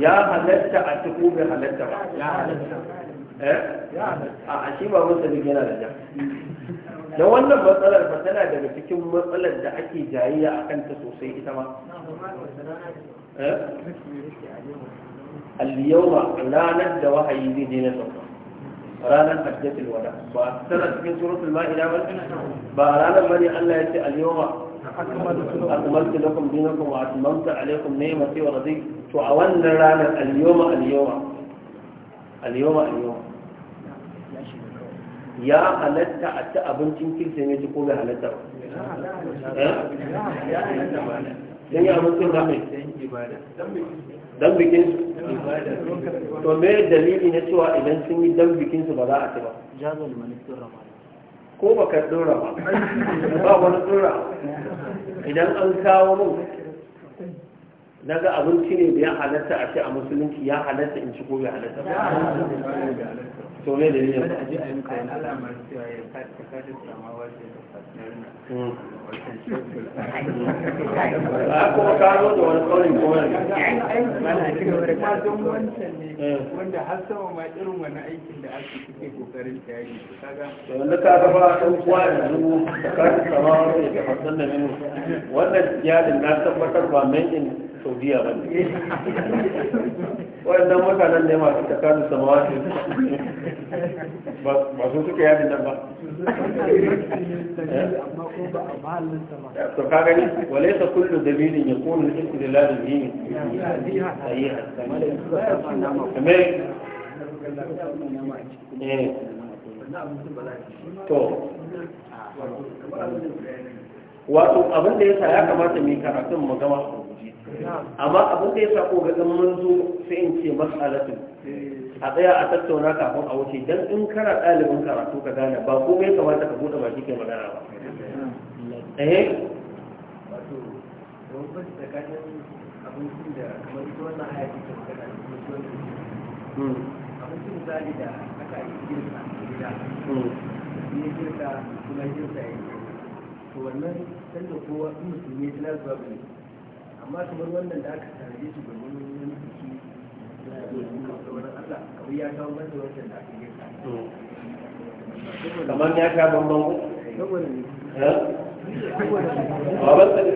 ya halatta a tuku bai halatta ba ya halatta eh? a shi ba musulmi yana da ja da wannan matsalar ba tana daga cikin matsalar da ake jayayya a kanta sosai ita ma eh? al-yawma ranar da wahayi zai daina sauka ranar hajjatul wada ba tana cikin suratul ma'ida ba ba ranar bane Allah ya ce al-yawma أكملت لكم دينكم وأتممت عليكم نعمتي ورضيت تعاون لنا اليوم اليوم اليوم اليوم يا هلتا حتى أبن كل سنة تقول هلتا dan لا لا يا dan bikin to me dalili na cewa idan sun yi dan bikin su ba za a ci ba jazal manistur ramadan ko ba ka dora ba ba wani dora idan an kawo mun daga abinci ne da ya halatta a ce a musulunci ya halatta in ci ko ya halatta ba to ne da ne ya ba a je a ne mka yana alamar cewa ya kashe samawa ce da fasinar na hmm. kuma ka zo da wani tsarin kuma mana ci gaba da kasan wancan ne wanda har sama ma irin wani aikin da ake suke kokarin ta yi kaga da wanda ka gaba ɗan kuwa yanzu da kasu sama wani da fasan da minu wannan iyalin na tabbatar ba mai in saudiya ba ne waɗannan mutanen ne masu ta kanu samawa ce ba su suka yadda nan ba su ka gani wale ta kullu da binin ya kone iku da lalin yini to wato abinda ya sa ya kamata mai karatun magama gama amma abin da ya sa ko ga zama zo sai in ce mas'alatu a tsaya a tattauna kafin a wuce dan in kana ɗalibin karatu ka gane ba komai ya kamata ka buɗe baki ke magana ba eh da kamar wannan kowa musulmi ya zuwa amma kamar wannan da aka tare shi domin wani biki da Allah kawai ya kawo masa wancan da aka yi kamar ya sha bambam ku ba ba ta da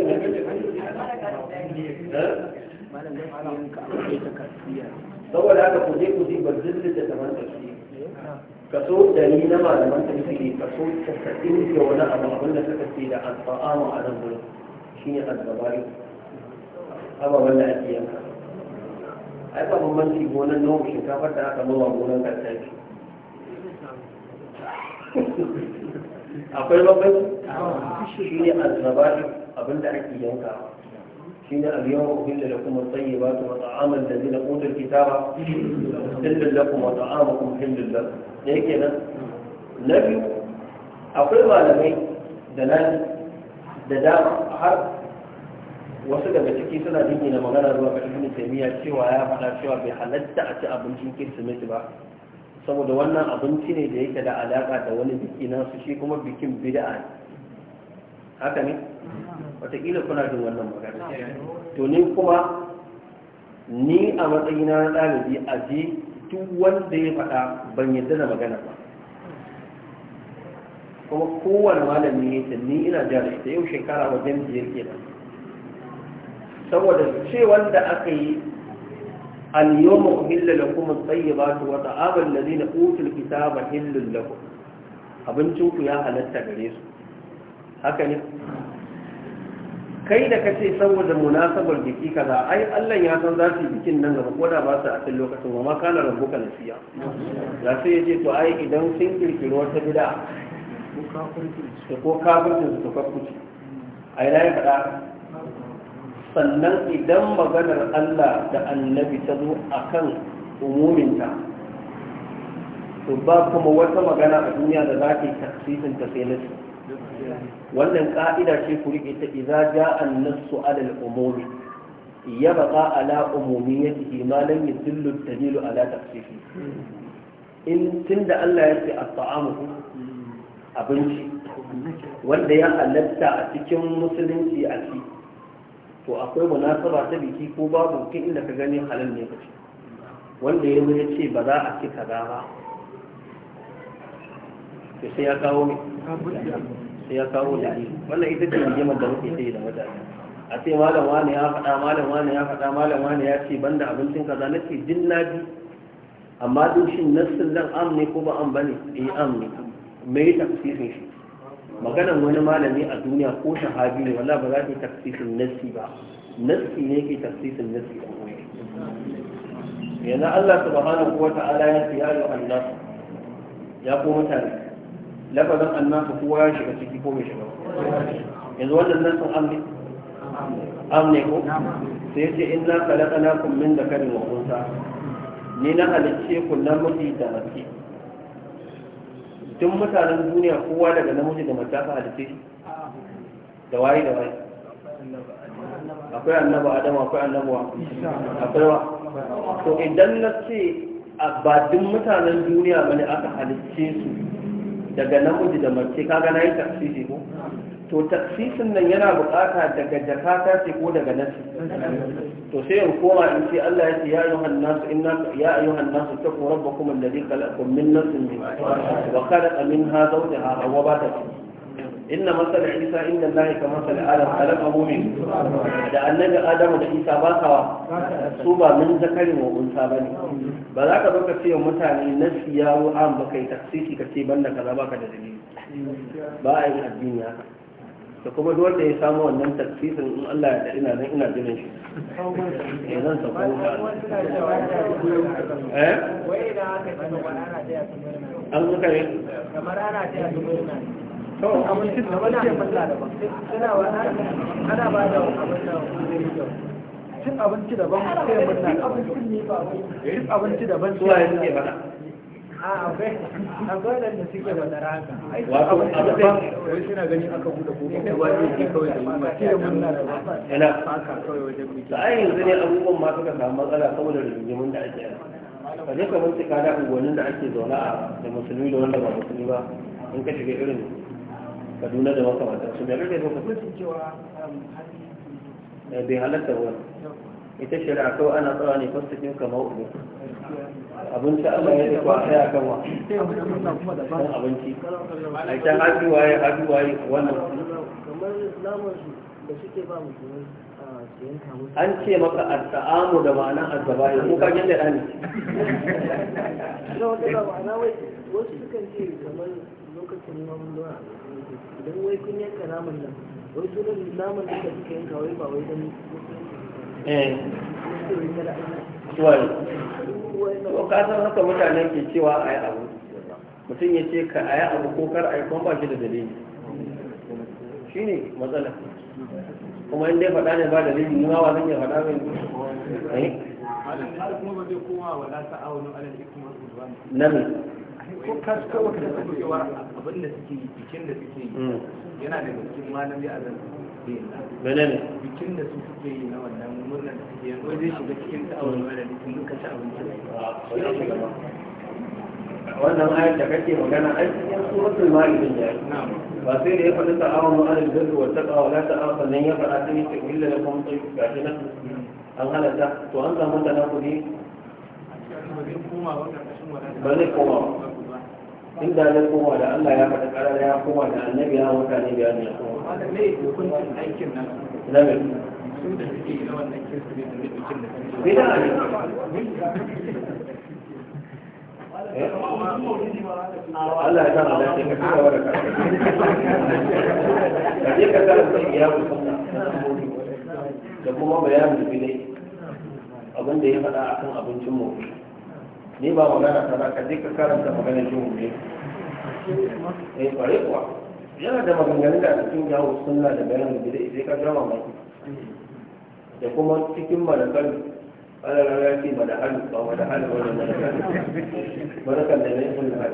saboda haka ku je ku ji barzin da taman tafsiri kaso dari na malaman tafsiri kaso casa'in da wani abu abin da suka ce da alfa'ama a nan gurin shine azzabari ababen da ake yanka ai ba bambanci gonan noman shinkafa da aka noma gonan kartaki akwai bambanci shi ne azzabari abinda ake yanka shi ne aliyawa uhilla da kuma tsaye ba su wata amal da zina ƙudar kitaba hillun da kuma wata amal kuma hillun da ne yake nan na biyu akwai malamai da nan da dama har wasu daga ciki suna na magana zuwa ga ibn taymiya cewa ya faɗa cewa bai halatta a ci abincin kirsimeti ba saboda wannan abinci ne da yake da alaka da wani biki na su shi kuma bikin bid'a ne haka ne wataƙila kuna jin wannan magana to ni kuma ni a matsayina na ɗalibi a ji duk wanda ya faɗa ban yadda da magana ba kuma kowane malami ne ni ina jami'a ta yau shekara wajen biyar kenan saboda ce wanda aka yi tsaye ba uhilla lakum abin da wa ta'amu alladhina utul kitaba da ku abincin ku ya halatta gare su haka ne kai da kace saboda munasabar biki kaza ai Allah ya san za su yi bikin nan gaba koda ba su a cikin lokacin ba ma kana na siya za su ce to ai idan sun kirkiro wata bid'a ko kafin su kafirci su ai na yi faɗa sannan idan maganar Allah da annabi ta zo a kan umuminta to ba kuma wata magana a duniya da za ta yi tafsirin ta sai nasu wannan ka'ida ce ku rike ta idza ja'a an-nassu 'ala al-umumi yabqa 'ala umumiyyatihi ma yadullu dalilu 'ala tafsirihi in tunda Allah ya ce at-ta'amu abinci wanda ya halatta a cikin musulunci a ciki to akwai munasaba ta biki ko babu kin inda ka gani halal ne kace wanda ya ya ce ba za a ci kaza ba to sai ya kawo ne sai ya kawo ne. wannan ita ce yaje da muke sai da mutane a ce malam wani ya faɗa malam wani ya faɗa malam wani ya ce banda abincin kaza na din naji amma duk shin nassin nan am ne ko ba am bane eh am ne me tafsirin shi maganan wani malami a duniya ko shahabi ne wallahi ba za ta tafsirin nassi ba nassi ne ke tafsirin nassi ba yana Allah subhanahu wa ta'ala ya ce ya ayyuhan ya ko mutane lafazan annasu kowa ya shiga ciki ko mai shiga yanzu wannan nan sun amne amne ko sai ya ce inna khalaqnakum min dhakarin wa unsa ni na halicce ku namiji da mace tun mutanen duniya kowa daga namiji da mace aka halitta da waye da waye akwai annaba adam akwai annabawa akwai wa to idan na ce ba badin mutanen duniya bane aka halicce su daga namiji da mace kaga na yi tafsiri ko to taksisin nan yana bukata daga jakata sai ko daga nasu to sai in koma in ce Allah ya ce ya ayyuhan nasu inna ya ayyuhan nasu taqu rabbakum alladhi khalaqakum min nafsin wahidah wa khalaqa minha zawjaha wa bata inna masal isa inna Allah ka masal adam khalaqahu min da annabi adam da isa ba sawa su ba min zakarin wa unsa bane ba za ka baka ce mutane nasi ya an ba kai taksisi ka ce banda kaza baka da dalili ba a yin addini haka da kuma duk wanda ya samu wannan tafsirin in Allah ya na nan ina jiran shi ya sa kuma eh wai da aka ce ba an muka ne kamar ana to da da falla da ba wa ba da abin da cin abinci daban sai murna ne ba abinci daban eh? sai akwai da suke wato wai suna gani aka buɗe ne ke kawai da da murna da yana kawai wajen ai yanzu ne abubuwan ma suka samu matsala saboda rigimin da ake da da ake zaune a da musulmi da wanda ba musulmi ba in ka shiga irin kaduna da makamantar su da rage cewa um, eh, bai halatta wani ita shari'a kawai ana tsawa ne fasikin kama uku abinci a ya da kwa a kan kan abinci a ita haduwa ya haduwa ya wannan an ce maka a taamu da ma'ana azaba ya kuka da wai sunan da suka wai ba wai eh wani Ko ka san haka mutane ke cewa a yi abu mutum ya ce ka a yi abu ko kar a yi kuma ba shi da dalili shi ne matsala kuma inda ya faɗa ne ba dalili ni ma zan iya faɗa mai na mai ko kasuwa da suke yi bikin da suke yi yana da bikin malami a zanzu menene da ah, wannan ayar da kake magana ai cikin suratul ma'idah ya ba sai da ya faɗi ta'awun ma'alil birri wa taqwa la ta'awun sannan ya faɗa sai ya illa lakum tayyib gashi nan hmm. an halatta to an samu ba zai koma ba inda na koma da Allah ya faɗa ƙarar ya koma da annabi ya wata ne biya ne ya koma. Wanda ne hukuncin aikin nan? Na mai. Sun da suke yi na wannan kirkiri da ne bikin da suke. Bida ne. Allah ya kama da ka kira wa da ka. Ka je ka karanta ya musamma. Da kuma bayanin ne abin da ya faɗa akan abincin mu. ni ba magana ta ka je ka karanta magana mu ne eh kware kuwa yana da maganganun da a cikin jawo sunna da bayan da sai ka gama maki da kuma cikin ala la ya bada madahalu ba wa wani malakar malakar da ne sun da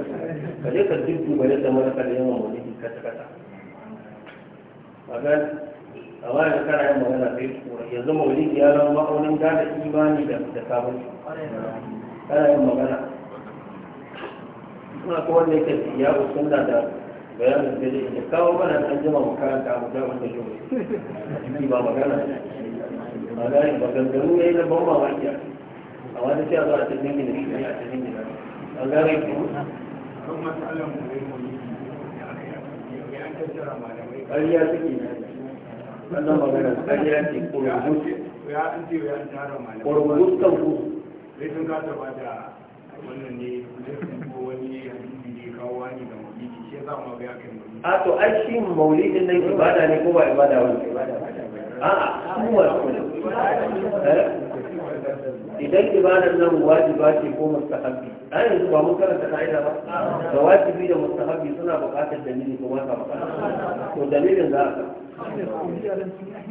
ka je ka dubu ba da malakan da ne ka kasa kasa magana a wani kana yin magana sai ya zama wani ya zama ma'aunin da imani da sabon kana yin magana kuma ko wanda yake ya sunna da bayanin da zai kawo mana an jima makaranta mu jama da yau ba magana ba ga ne na ya ba ke a wani sai a zo a cikin gina shi a cikin gina a gane ku ƙarya suke wannan magana ƙarya ce ƙorobus ƙorobus kan ku sai sun kasa ba da wannan ne ko wani ne kawo wani ga maulidi shi ma ga yakin maulidi a to ai shi nan ibada ne ko ba ibada wani ibada eh? idan ibadan nan wajiba ce ko mustahabbi an yanzu ba mun karanta ka'ida ba da wajibi da mustahabbi suna buƙatar dalili ko wata ba to dalilin za a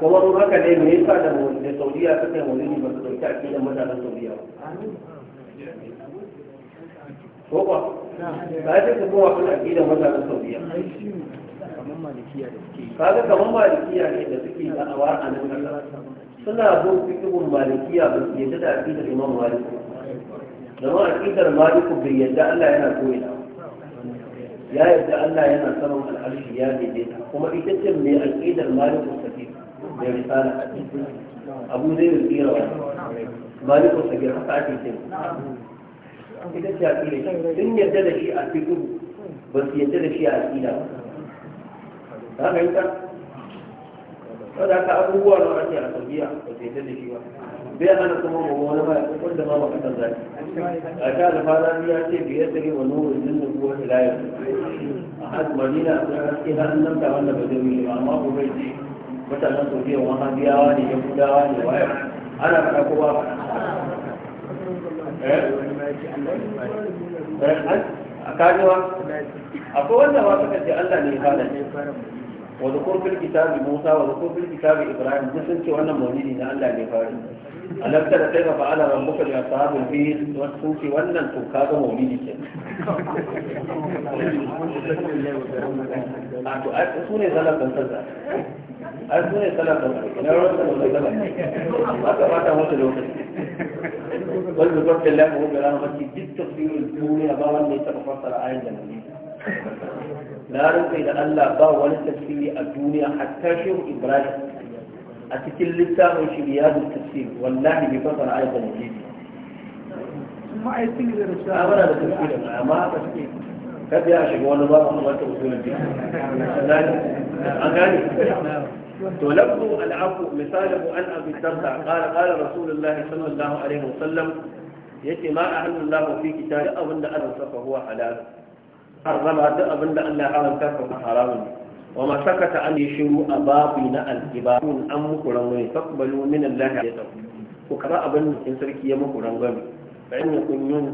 kuma mun haka ne me yasa da da Saudiya suka yi maulidi ba su dauki akidan mutanen Saudiya ba ko ba ba ce su kuma kan akidan mutanen Saudiya kaga kamar malikiya ne da suke awa a nan kasa suna zo fikihun malikiya ba su yadda da akidar Imam Malik zama akidar Malik bai yadda Allah yana koyi ya yarda Allah yana saman al'arshi ya daidaita kuma ita ce mai aƙidar malikul safi mai risala abu zai tsira wa malikul safi haka ake ce ita ce shi sun yarda da shi a fiƙi ba su yarda da shi a aƙida ba ta ta wadda haka abubuwa na wani a saudiya ba su yarda da shi ba bai hana kuma mummuna ba wanda ma ba kasar zaki a ta alfara ya ce biyar da wa nuru jin da kuwa hilayar a hajji madina a tsarar haske hannun nan ta wanda ba zai wuce amma ko bai ce mutanen sofiya wahabiyawa ne gudawa ne waya ana faɗa ko ba eh? Eh, a kajewa akwai wanda ba suka ce allah ne fada wa zukur fil kitabi musa wa zukur fil kitabi ibrahim duk sun ce wannan maulidi na allah ne fara ألم ترى كيف فعل ربك لأصحاب الفيل والصوف وأن الفكاد مؤمنين أتوني ثلاثة تنتزع أتوني ثلاثة تنتزع أنا رأيت أنه ثلاثة أتوني ثلاثة تنتزع والذكر في الله هو بلانه بس يجد تصوير الدولي أباوا ليس مفصل عائل جنبين لا رأيت إذا ألا أباوا ليس تصوير الدولي حتى شو إبراهيم a cikin littafin shi riyadul tafsir wallahi bai fasara ayatul hadisi amma ai sun da rasu amma da da amma haka suke kada ya shiga wani ba kuma ta usulun fiqh an gane to lafzu al'afu misalu an abi darda qala qala rasulullahi sallallahu alaihi wasallam yace ma ahallallahu fi kitabi abinda an saka huwa halal harrama duk da Allah ya haramta ko haramun wa ma sakata an yashuru ababi na al-ibadun an muku rangwani faqbalu min Allah ya tafi ku kara abin da sarki ya muku rangwani fa in yakun yun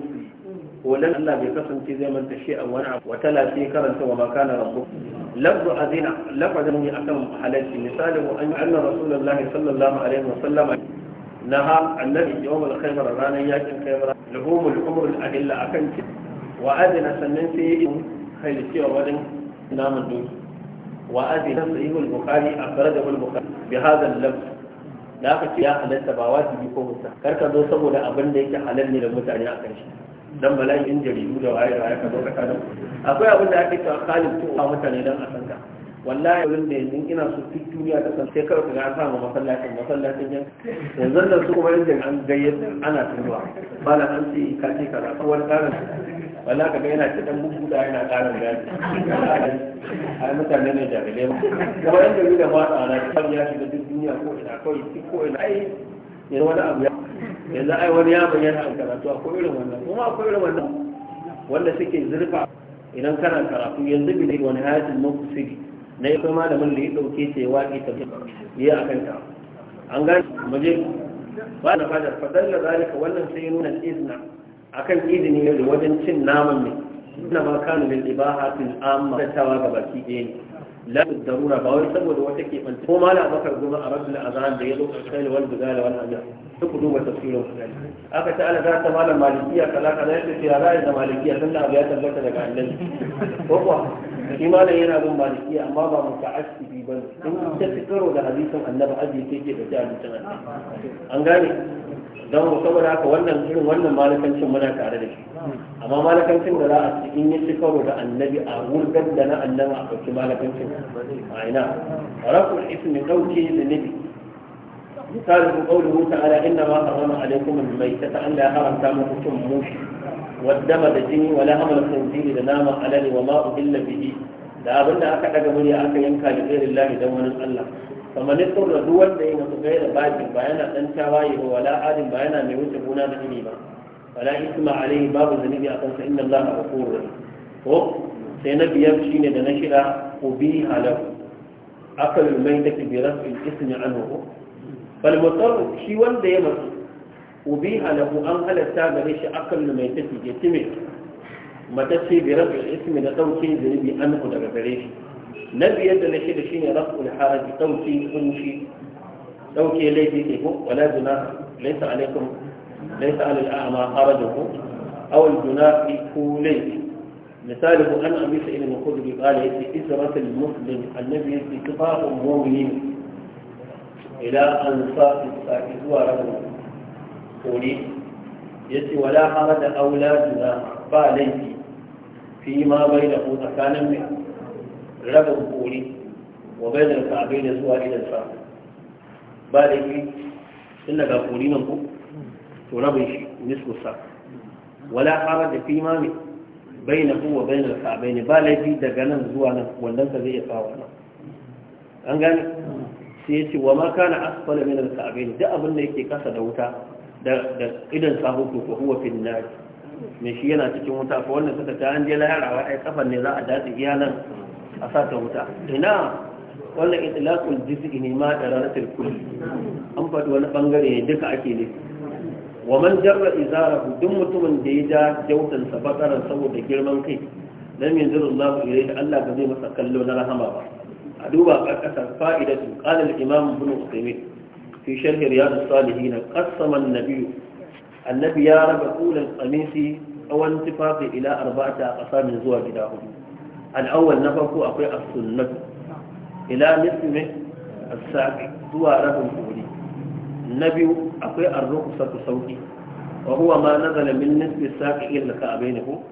ولن الله بقسم في زي ما انت شيئا وانا وتلا في كرنت وما كان ربك لفظ أذين لفظ من أكرم حالات مثال وأن أن رسول الله صلى الله عليه وسلم نهى النبي يوم الخيمر رانا ياكل خيمر لهم الأمر الأهل أكنت وأذن سنن في خيل سيوة ولن نام الدنيا وأذن صحيح البخاري أخرجه البخاري بهذا اللفظ da aka ce ya halatta ba wajibi ko mutta kar ka zo saboda abin da yake halal ne da mutane a kan shi dan bala'i in jaridu da waye waye ka zo ka kada akwai abin da ake cewa khalid a mutane dan a san ka wallahi wurin da yanzu ina so duk duniya ta san sai kar ka ga an masallacin masallacin su kuma yanzu an ana tunuwa ba na an ce wala ka ga yana ta dan da yana ƙara gaji. ai mutane ne gele ba kuma yan gari da mata ana kan ya shiga duk duniya ko ina kawai duk ko ina ai yanzu wani abu yanzu ai wani ya bayyana a karatu a ko irin wannan kuma akwai irin wannan wanda suke zurfa idan kana karatu yanzu bi ne wani hayatin mafusiri na yi kuma malamin da ya ɗauke ta ya waƙe ta yi a kanta an gani maje ba na fadar fadar da zalika wannan sai nuna izna akan izini ne da wajen cin naman ne suna ma kanu da ibaha fil amma da tawa ga baki ɗaya ne la darura ba wai saboda wata ke fanta ko mala bakar goma a rasul azan da yazo kai wal bidal wal azan to ku duba tafsirin aka ta ala za ta malam malikiya kala kala yake cewa ra'ayi da malikiya dan abu ya tabbata daga annabi ko kuwa shi malam yana bin malikiya amma ba mu muta'assibi bane in ta fi karo da hadisin annabi aji yake ke da hadisin an gane don saboda haka wannan irin wannan malakancin muna tare da shi amma malakancin da za a ci in yi ci da annabi a wurgar da na annama a kwaki malakancin a ina ismi dauke da nabi misali ku ƙauli wuta ala inna ma harama alaikum mai ta Allah ya haramta muku cin mushi waddama da jini wa hamal khinziri da nama alali wa ma ubilla bihi da abinda aka daga murya aka yanka da ghairin lahi dan wani Allah kamar ne saboda duk wanda ya mutu gaira babin ba yana dan tawaye ba wala adin ba yana mai wuce gona da ilimi ba wala isma alaihi babu zanibi a kansa inna allaha ghafurur rahim ko sai na biyar shine da na shida ubi halal akal mai da bi rafi ismi anhu bal mutar shi wanda ya mutu ubi halal an halatta gare shi akal mai tafi ya time mata ce bi rafi ismi da dauke zanibi anhu daga gare shi na biyar da na shi ne raf'ul haraji dauke kunshi ɗauke laifi ne ko wala juna laysa alaikum laysa alal a'ma harajuhu aw al juna fi kulli misali ko an amisa ila al-khudri qala yati isratul muslim annabi yati tifaqul mu'min ila ansafi sa'i zuwa rabu kori yace wala harada aula juna ba laifi fi ma bai da tsakanin mai rabin kori wa bayan ka'abai da zuwa idan sa ba da yi tun daga kori nan ko to rabin shi nisfu sa wala harar da fi mami bai na kuwa bai na ka'abai ne ba laifi daga nan zuwa nan wannan ka zai iya kawo nan an gane sai ya ce wa ma kana asfala min al-ka'abai duk abin da yake kasa da wuta da idan sahu to ko huwa fil nari me shi yana cikin wuta ko wannan suka ta an je wa ai kafan ne za a dace iya nan a sa ta wuta ina wannan itlaqul juz'i ne ma da ranatul kulli an faɗi wani ɓangare ne duka ake ne wa man jarra izarahu duk mutumin da ya ja jautan sa bakaran saboda girman kai lam yanzurullahu ilayhi Allah ba zai masa kallo na rahama ba a duba ƙasar fa'idatu qala al-imam ibn uthaymeen في شرح رياض الصالحين قسم annabi ya يا رب قول ila أو انتفاق إلى أربعة zuwa gida hudu. al'awwal na farko akwai as-sunnah ila mithmi as zuwa rabin kuri na biyu akwai ar-rukhsatu sauƙi wa huwa ma nazala min nisbi as-saqi ila ka'baynihu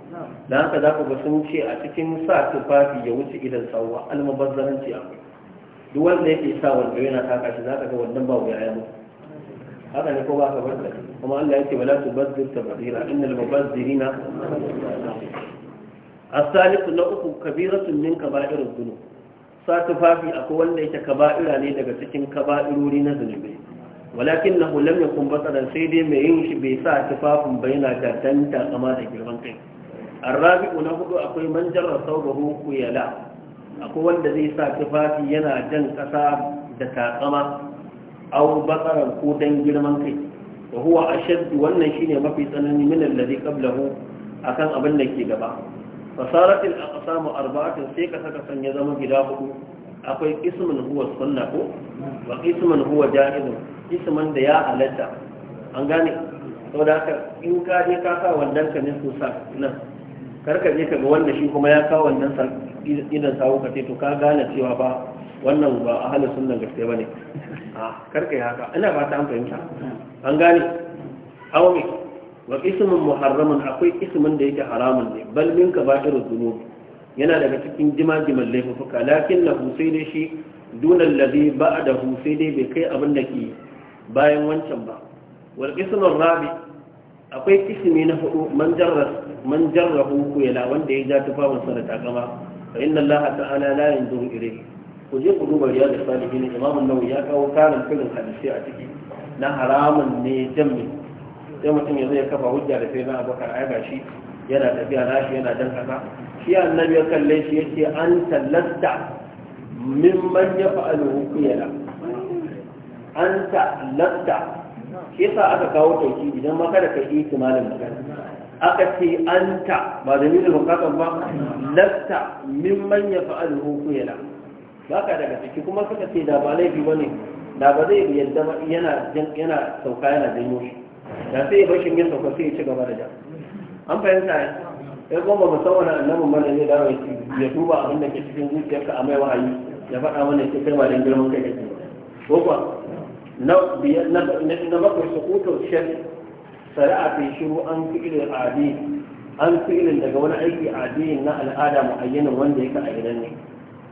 dan haka zaka ga sun ce a cikin sa tufafi ya wuce idan sawwa al akwai duk wanda yake sa wanda yana taka shi za ka ga wannan ba wuya ya mutu haka ne ko ba ka barka kuma Allah yake wala tubazzir tabdira innal mubazzirina asalisu na uku kabiratun min kaba'irin zunub sa tufafi akwai wanda yake kaba'ira ne daga cikin kaba'irori na zunubi walakin na hulam ya kun batsaran sai dai mai yin shi bai sa tufafin bai na gardanta kama da girman kai arrabi'u na hudu akwai manjarar jarra saubahu kuyala akwai wanda zai sa tufafi yana jan kasa da takama au batsaran ko dan girman kai wa huwa ashaddu wannan shine mafi tsanani min alladhi qablahu akan abin da ke gaba fasaratin aka samu arba'atin sai ka saka sanya zama gida hudu akwai ismin huwa sunna ko wa ismin huwa ja'izun ismin da ya halatta an gane sau da haka in ka je ka sa wannan ka ne sosa nan karka je ka ga wanda shi kuma ya kawo wannan idan sawo ka ce to ka gane cewa ba wannan ba a halin sunan gaske ba ne a karka yi haka ina ba ta an fahimta an gane hawa mai wa ismin muharramin akwai ismin da yake haramun ne bal min kaba'irud dhunub yana daga cikin jimajiman laifuka lakin lahu sai dai shi dunan ladhi ba'dahu sai dai bai kai abin da ke bayan wancan ba wal ismin rabi akwai ismi na hudu man jarra man jarrahu wanda ya ja tufafin sa da takama fa inna allaha ta'ala la yanzuru ilayhi ku je ku duba riyadu salihin imam an-nawawi ya kawo karin filin hadisi a ciki na haramun ne jami'i sai mutum ya zai kafa hujja da sai na abubakar ai shi yana tafiya na shi yana dan kaza shi annabi ya kalle shi ce an tallasta mimman ya fa'alu hukuyala an tallasta shi yasa aka kawo tauki idan ma kada ka yi kimalin magana aka ce anta ba da nuna bukatan ba lasta mimman ya fa'alu ba ka daga ciki kuma suka ce da ba laifi bane da ba zai yadda yana yana sauka yana janyo shi da sai bashin yin sauka sai ya ci gaba da ja an fahimta ya ya kuma ba musamman annabin mana zai dawo ya duba abin da ke cikin zuciyarka a mai wa'ayi ya faɗa mana ya kai ba girman kai ke ko kuwa na bakwai kuto shan sari'a fi shiru an fi ilil adi an fi ilil daga wani aiki adi na al'ada mu'ayyanin wanda yake a gidan ne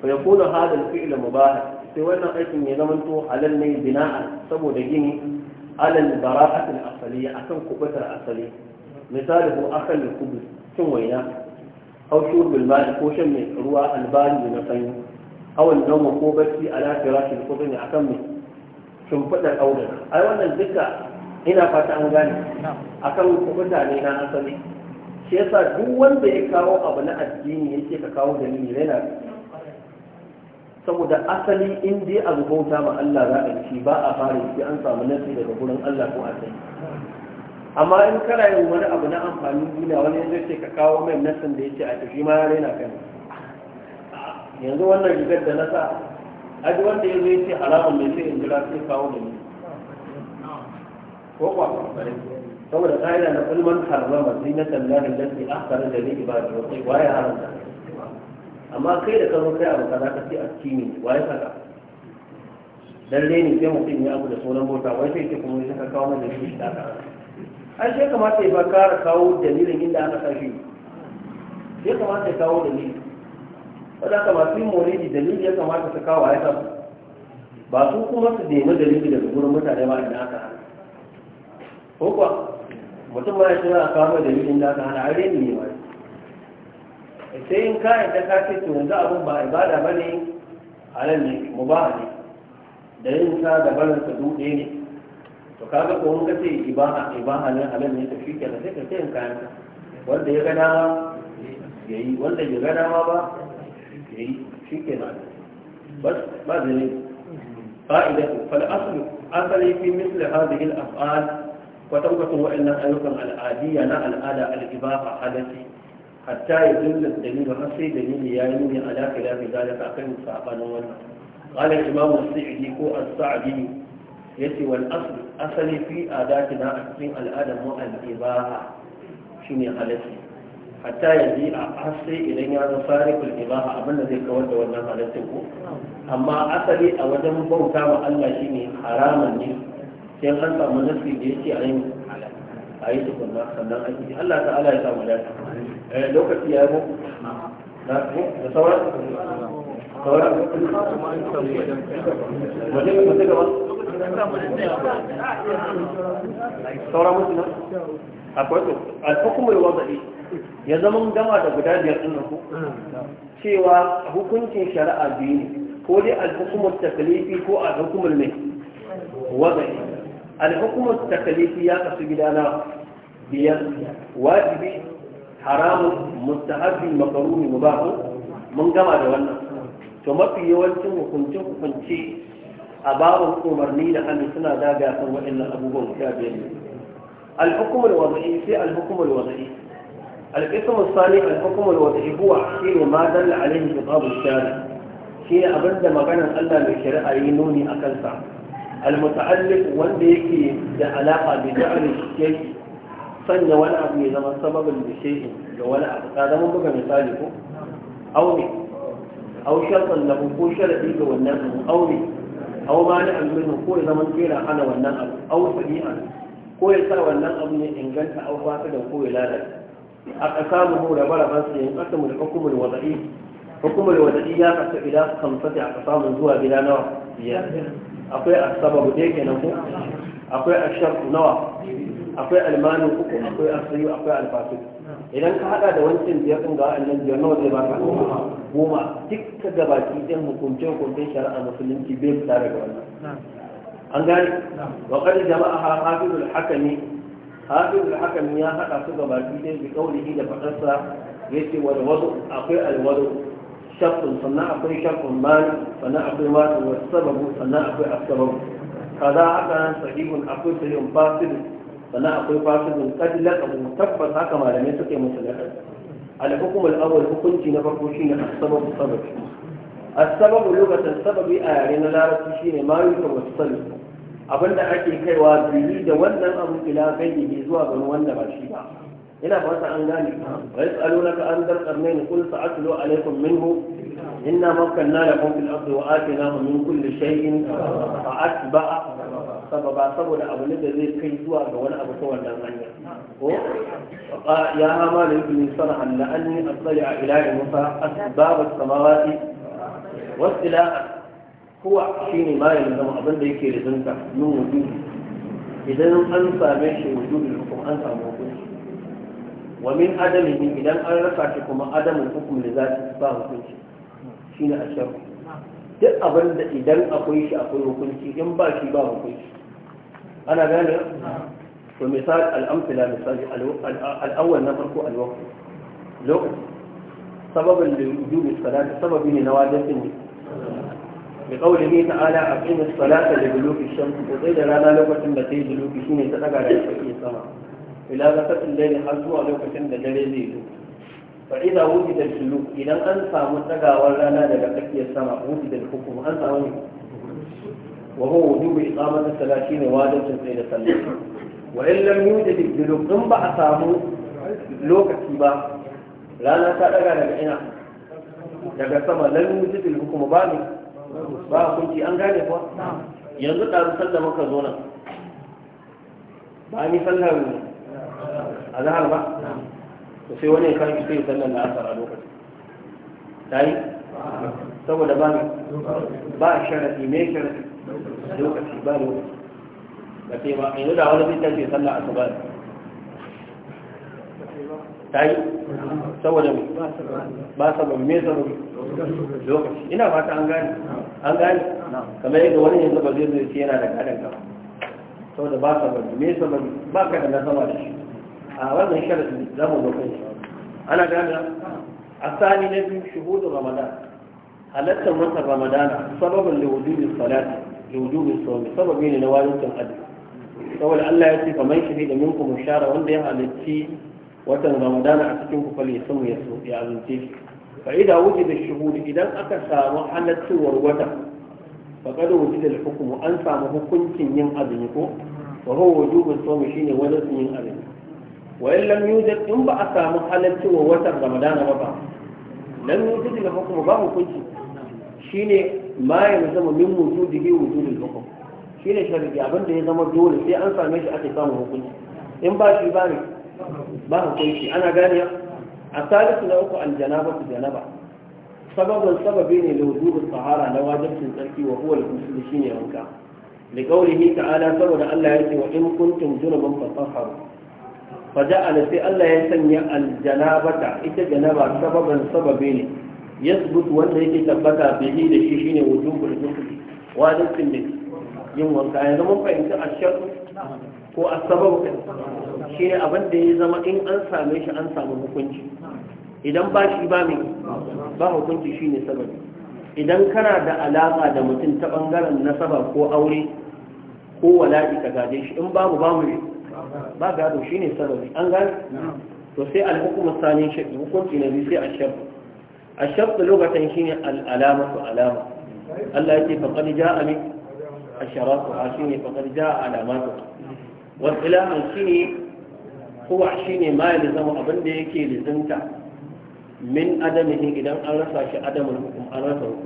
fa hadin hadal fi'l mubah sai wannan aikin ya zama to halal ne bina'a saboda gini alal bara'atul asali akan kubutar asali misali ko akan kubu cin waina aw shurbul ma'i ko shan mai ruwa albani na sanyi aw an ko bacci ala firashil qudni akan mai shimfidar aure. ai wannan duka ina fata an gane akan kubuta ne na asali shi yasa duk wanda ya kawo abu na addini yake ka kawo dalili yana saboda asali in dai a bauta ma Allah za a ci ba a fara shi an samu nasi daga gurin Allah ko a sai amma in kana yin wani abu na amfani duniya wani yanzu ce ka kawo mai nasin da yake a tafi ma ya raina kan yanzu wannan rigar da na sa aji wanda yanzu yake haramun mai sai in jira sai kawo da ni ko kwa saboda da na kulman harrama zinatan lahi a tsarin da li ibadi wa ya haramta amma kai da kan kai abu kaza ka ce a wa ya saka dai ne sai mutum ya abu da sunan bota wai sai ke kuma ya ka kawo mai dalili da ka ai sai kamata ya kara kawo dalilin inda aka sashi sai kamata ya kawo dalili wadda ka masu yin maulidi dalili ya kamata su kawo a saka ba su kuma su nemi dalili daga gurin mutane ba idan aka hana ko kuwa mutum ba ya ce kawo mai dalilin da aka hana a reni ne ba. sai yin kayan ta kace to yanzu abun ba a ibada ba bane halal ne mu mubaha ne da yin sa da barin sa dude ne to kaga ko mun kace ibada ibada ne halal ne ta shi ke da take yin kayan ta wanda ya gada ma yi wanda ya gada ma ba yayi shi ke ba ba zai fa'ida ko fal aslu asali fi misli hadhihi al af'al wa tawqatu wa ayyukan al'adiyya na al'ada ada al-ibaha halal hatta ya dinga dalilin har sai dalili ya yi nuni ala khilafi zalika akan sabanin wannan qala imam as-sa'idi ko as-sa'idi yace wal asl asali fi adatina a cikin al'adar mu al-ibaha shine halatti hatta ya ji a asali idan ya zama sarikul ibaha abin da zai kawar da wannan halattin amma asali a wajen bauta ma Allah shine ne sai an samu nasi da yake a yi tukunna sannan an yi Allah ta'ala ya samu dace eh, lokaci ya yi mu da sauran sauran wajen mu ta gaba sauran mutuna akwai to alhukumul wada'i ya zama gama da guda biyar din ku cewa hukuncin shari'a biyu ne ko dai alhukumul taklifi ko alhukumul mai wada'i الحكم التكليفي يا قصد لنا بيان واجبي حرام مستحب مكروه مباح من جمع ده wannan to mafi yawancin hukuncin hukunci a babin umarni da hannu suna daga kan waɗannan abubuwan guda biyar ne الحكم الوضعي في الحكم الوضعي القسم الثاني الحكم الوضعي هو حين ما دل عليه كتاب الشارع حين أبدا ما كان الله بشرع ينوني أكلفه المتعلق وانده يكي ده علاقة بجعل الشيء سنة ولا أبو يزم السبب لشيء ولا أبو هذا من بقى مثالكم أو أو شرطا له كو شرطي والناس أو أو مانع منه كو إذا من كيرا أنا والناس أو سبيئا ko ya sa wannan abu ya inganta au ba da ko lalata a ƙasa mu da bara ba yin ƙasa mu da hukumar wada'i a zuwa gida nawa biyar akwai asababu ɗaya kenan ku? akwai asharku nawa akwai almanin uku akwai asiyu akwai alfasu idan ka hada da wancan biyar ɗin ga wa'annan biyar nawa zai baka goma duk ka gaba ɗin hukunce hukuncin shari'a musulunci bai fita daga wannan an gane wa qad jama'a hafizul hakami hafizul hakami ya hada su gabaki ɗin bi qawlihi da fadarsa yace wal wadu akwai al wadu shakkun sannan akwai shakkun bani sannan akwai wasu sababu sannan akwai asababu kaza haka nan sahihun akwai sahihun fasidun sannan akwai fasidun kadi laqabu tabbas haka malamai suke musu laqabi al-hukm hukunci na farko shine as-sababu sababi as-sababu lokacin sababi a yare na larabci shine ma yutawassalu abinda ake kaiwa bili da wannan abu ila gayyibi zuwa ga wanda ba shi ba ina ba ta an gane wa yas'alunaka an dar qarnayn qul sa'atlu alaykum minhu inna makkanna lakum fil ardi wa atainahu min kulli shay'in fa atba'a sababa saboda abu ne da zai kai zuwa ga wani abu ta wannan hanya ko ya hama da yake min sana an la'anni asali'a ila musa asbaba samawati wasila huwa shine ma ya zama abin da yake rizunta min wujudi idan an same shi wujudi ko an samu hukunci wa min adamihi idan an rasa shi kuma adamin hukum da za su ba hukunci shine ashar duk abin da idan akwai shi akwai hukunci in ba shi ba hukunci ana gane to misal al'amfila misali al'awwal na farko alwaqt lokaci sababin da yujubi salati sababi ne na wajen wajibin ne بقوله تعالى da rana lokacin da ta yi لغة التي بلوك ta تتقى على الشيء السماء ila zakatin laili har zuwa lokacin da dare zai zo fa wuce da shulu idan an samu tsagawar rana daga tsakiyar sama da hukum an samu ne wa huwa wujubu iqamati salati ne wajibin sai da sallah wa in wuce da shulu in ba a samu lokaci ba rana ta daga daga ina daga sama wuce da hukum ba ne ba kunci an gane kuwa yanzu ɗaru sallama muka zo nan ba ni sallah a zahar ba to sai wani ya karfi sai sallar da asar a lokacin ta yi saboda ba ba sharafi mai sharafi lokaci ba lokaci ba sai ba yanzu da wani zai tafi sallar asuba ta yi saboda ba sabon me sabon lokaci ina fata an gane an gane kamar yadda wani yanzu ba zai zai yana da kadan ka saboda ba sabon me sabon ba ka da na sama da shi a wannan sharadi za mu zo kan ana gane a sani na biyu shuhudu ramadan halattar watan ramadana sababin lewudubi salati lewudubi saumi sababi ne na wajibin addu'a saboda Allah ya ce fa man shahida minkum shara wanda ya halarci watan ramadana a cikin ku fali samu ya so ya azunce shi fa idza wujida shuhud idan aka samu halattuwar wata fa kada wujida da hukumu an samu hukuncin yin azumi ko wa huwa wujubu sawmi shine wajibin yin azumi wa in lam yujad in ba a samu halalci wa watan ramadana ba ba lam yujad al hukm ba hukunci shine ma ya zama min wujudihi wujudul hukm shine sharri abin da ya zama dole sai an same shi ake samun hukunci in ba shi ba ne ba hukunci ana gane a salisu na uku aljanaba su janaba sababin sababi ne da wujudu sahara na wajibcin tsarki wa huwa al-ghusl shine wanka li qawlihi ta'ala saboda Allah yake wa in kuntum junuban fatahharu faja'ala sai Allah ya sanya aljanabata ita janaba sababan sababe ne yasbutu wanda yake tabbata bihi da shi shine ko ghusl wajibin ne yin wanka yanzu mun fahimci ashar ko asbab shi ne abin da ya zama in an same shi an samu hukunci idan ba shi ba mai ba hukunci shine sababi idan kana da alaka da mutum ta bangaren nasaba ko aure ko wala'i ka gaje shi in babu ba mu ba gado shi ne sababi an gani to sai alhukumar sani shaɗi hukunci na biyu sai a shaɗi a shaɗi lokacin shi ne al'alama su alama Allah ya ce faƙar ja a min a sharatu a shi ne faƙar ja a su wasu ilahan shi ne kowa shi ne ma ya zama abin da yake lizinta min adamihin idan an rasa shi adamin hukum an rasa hukum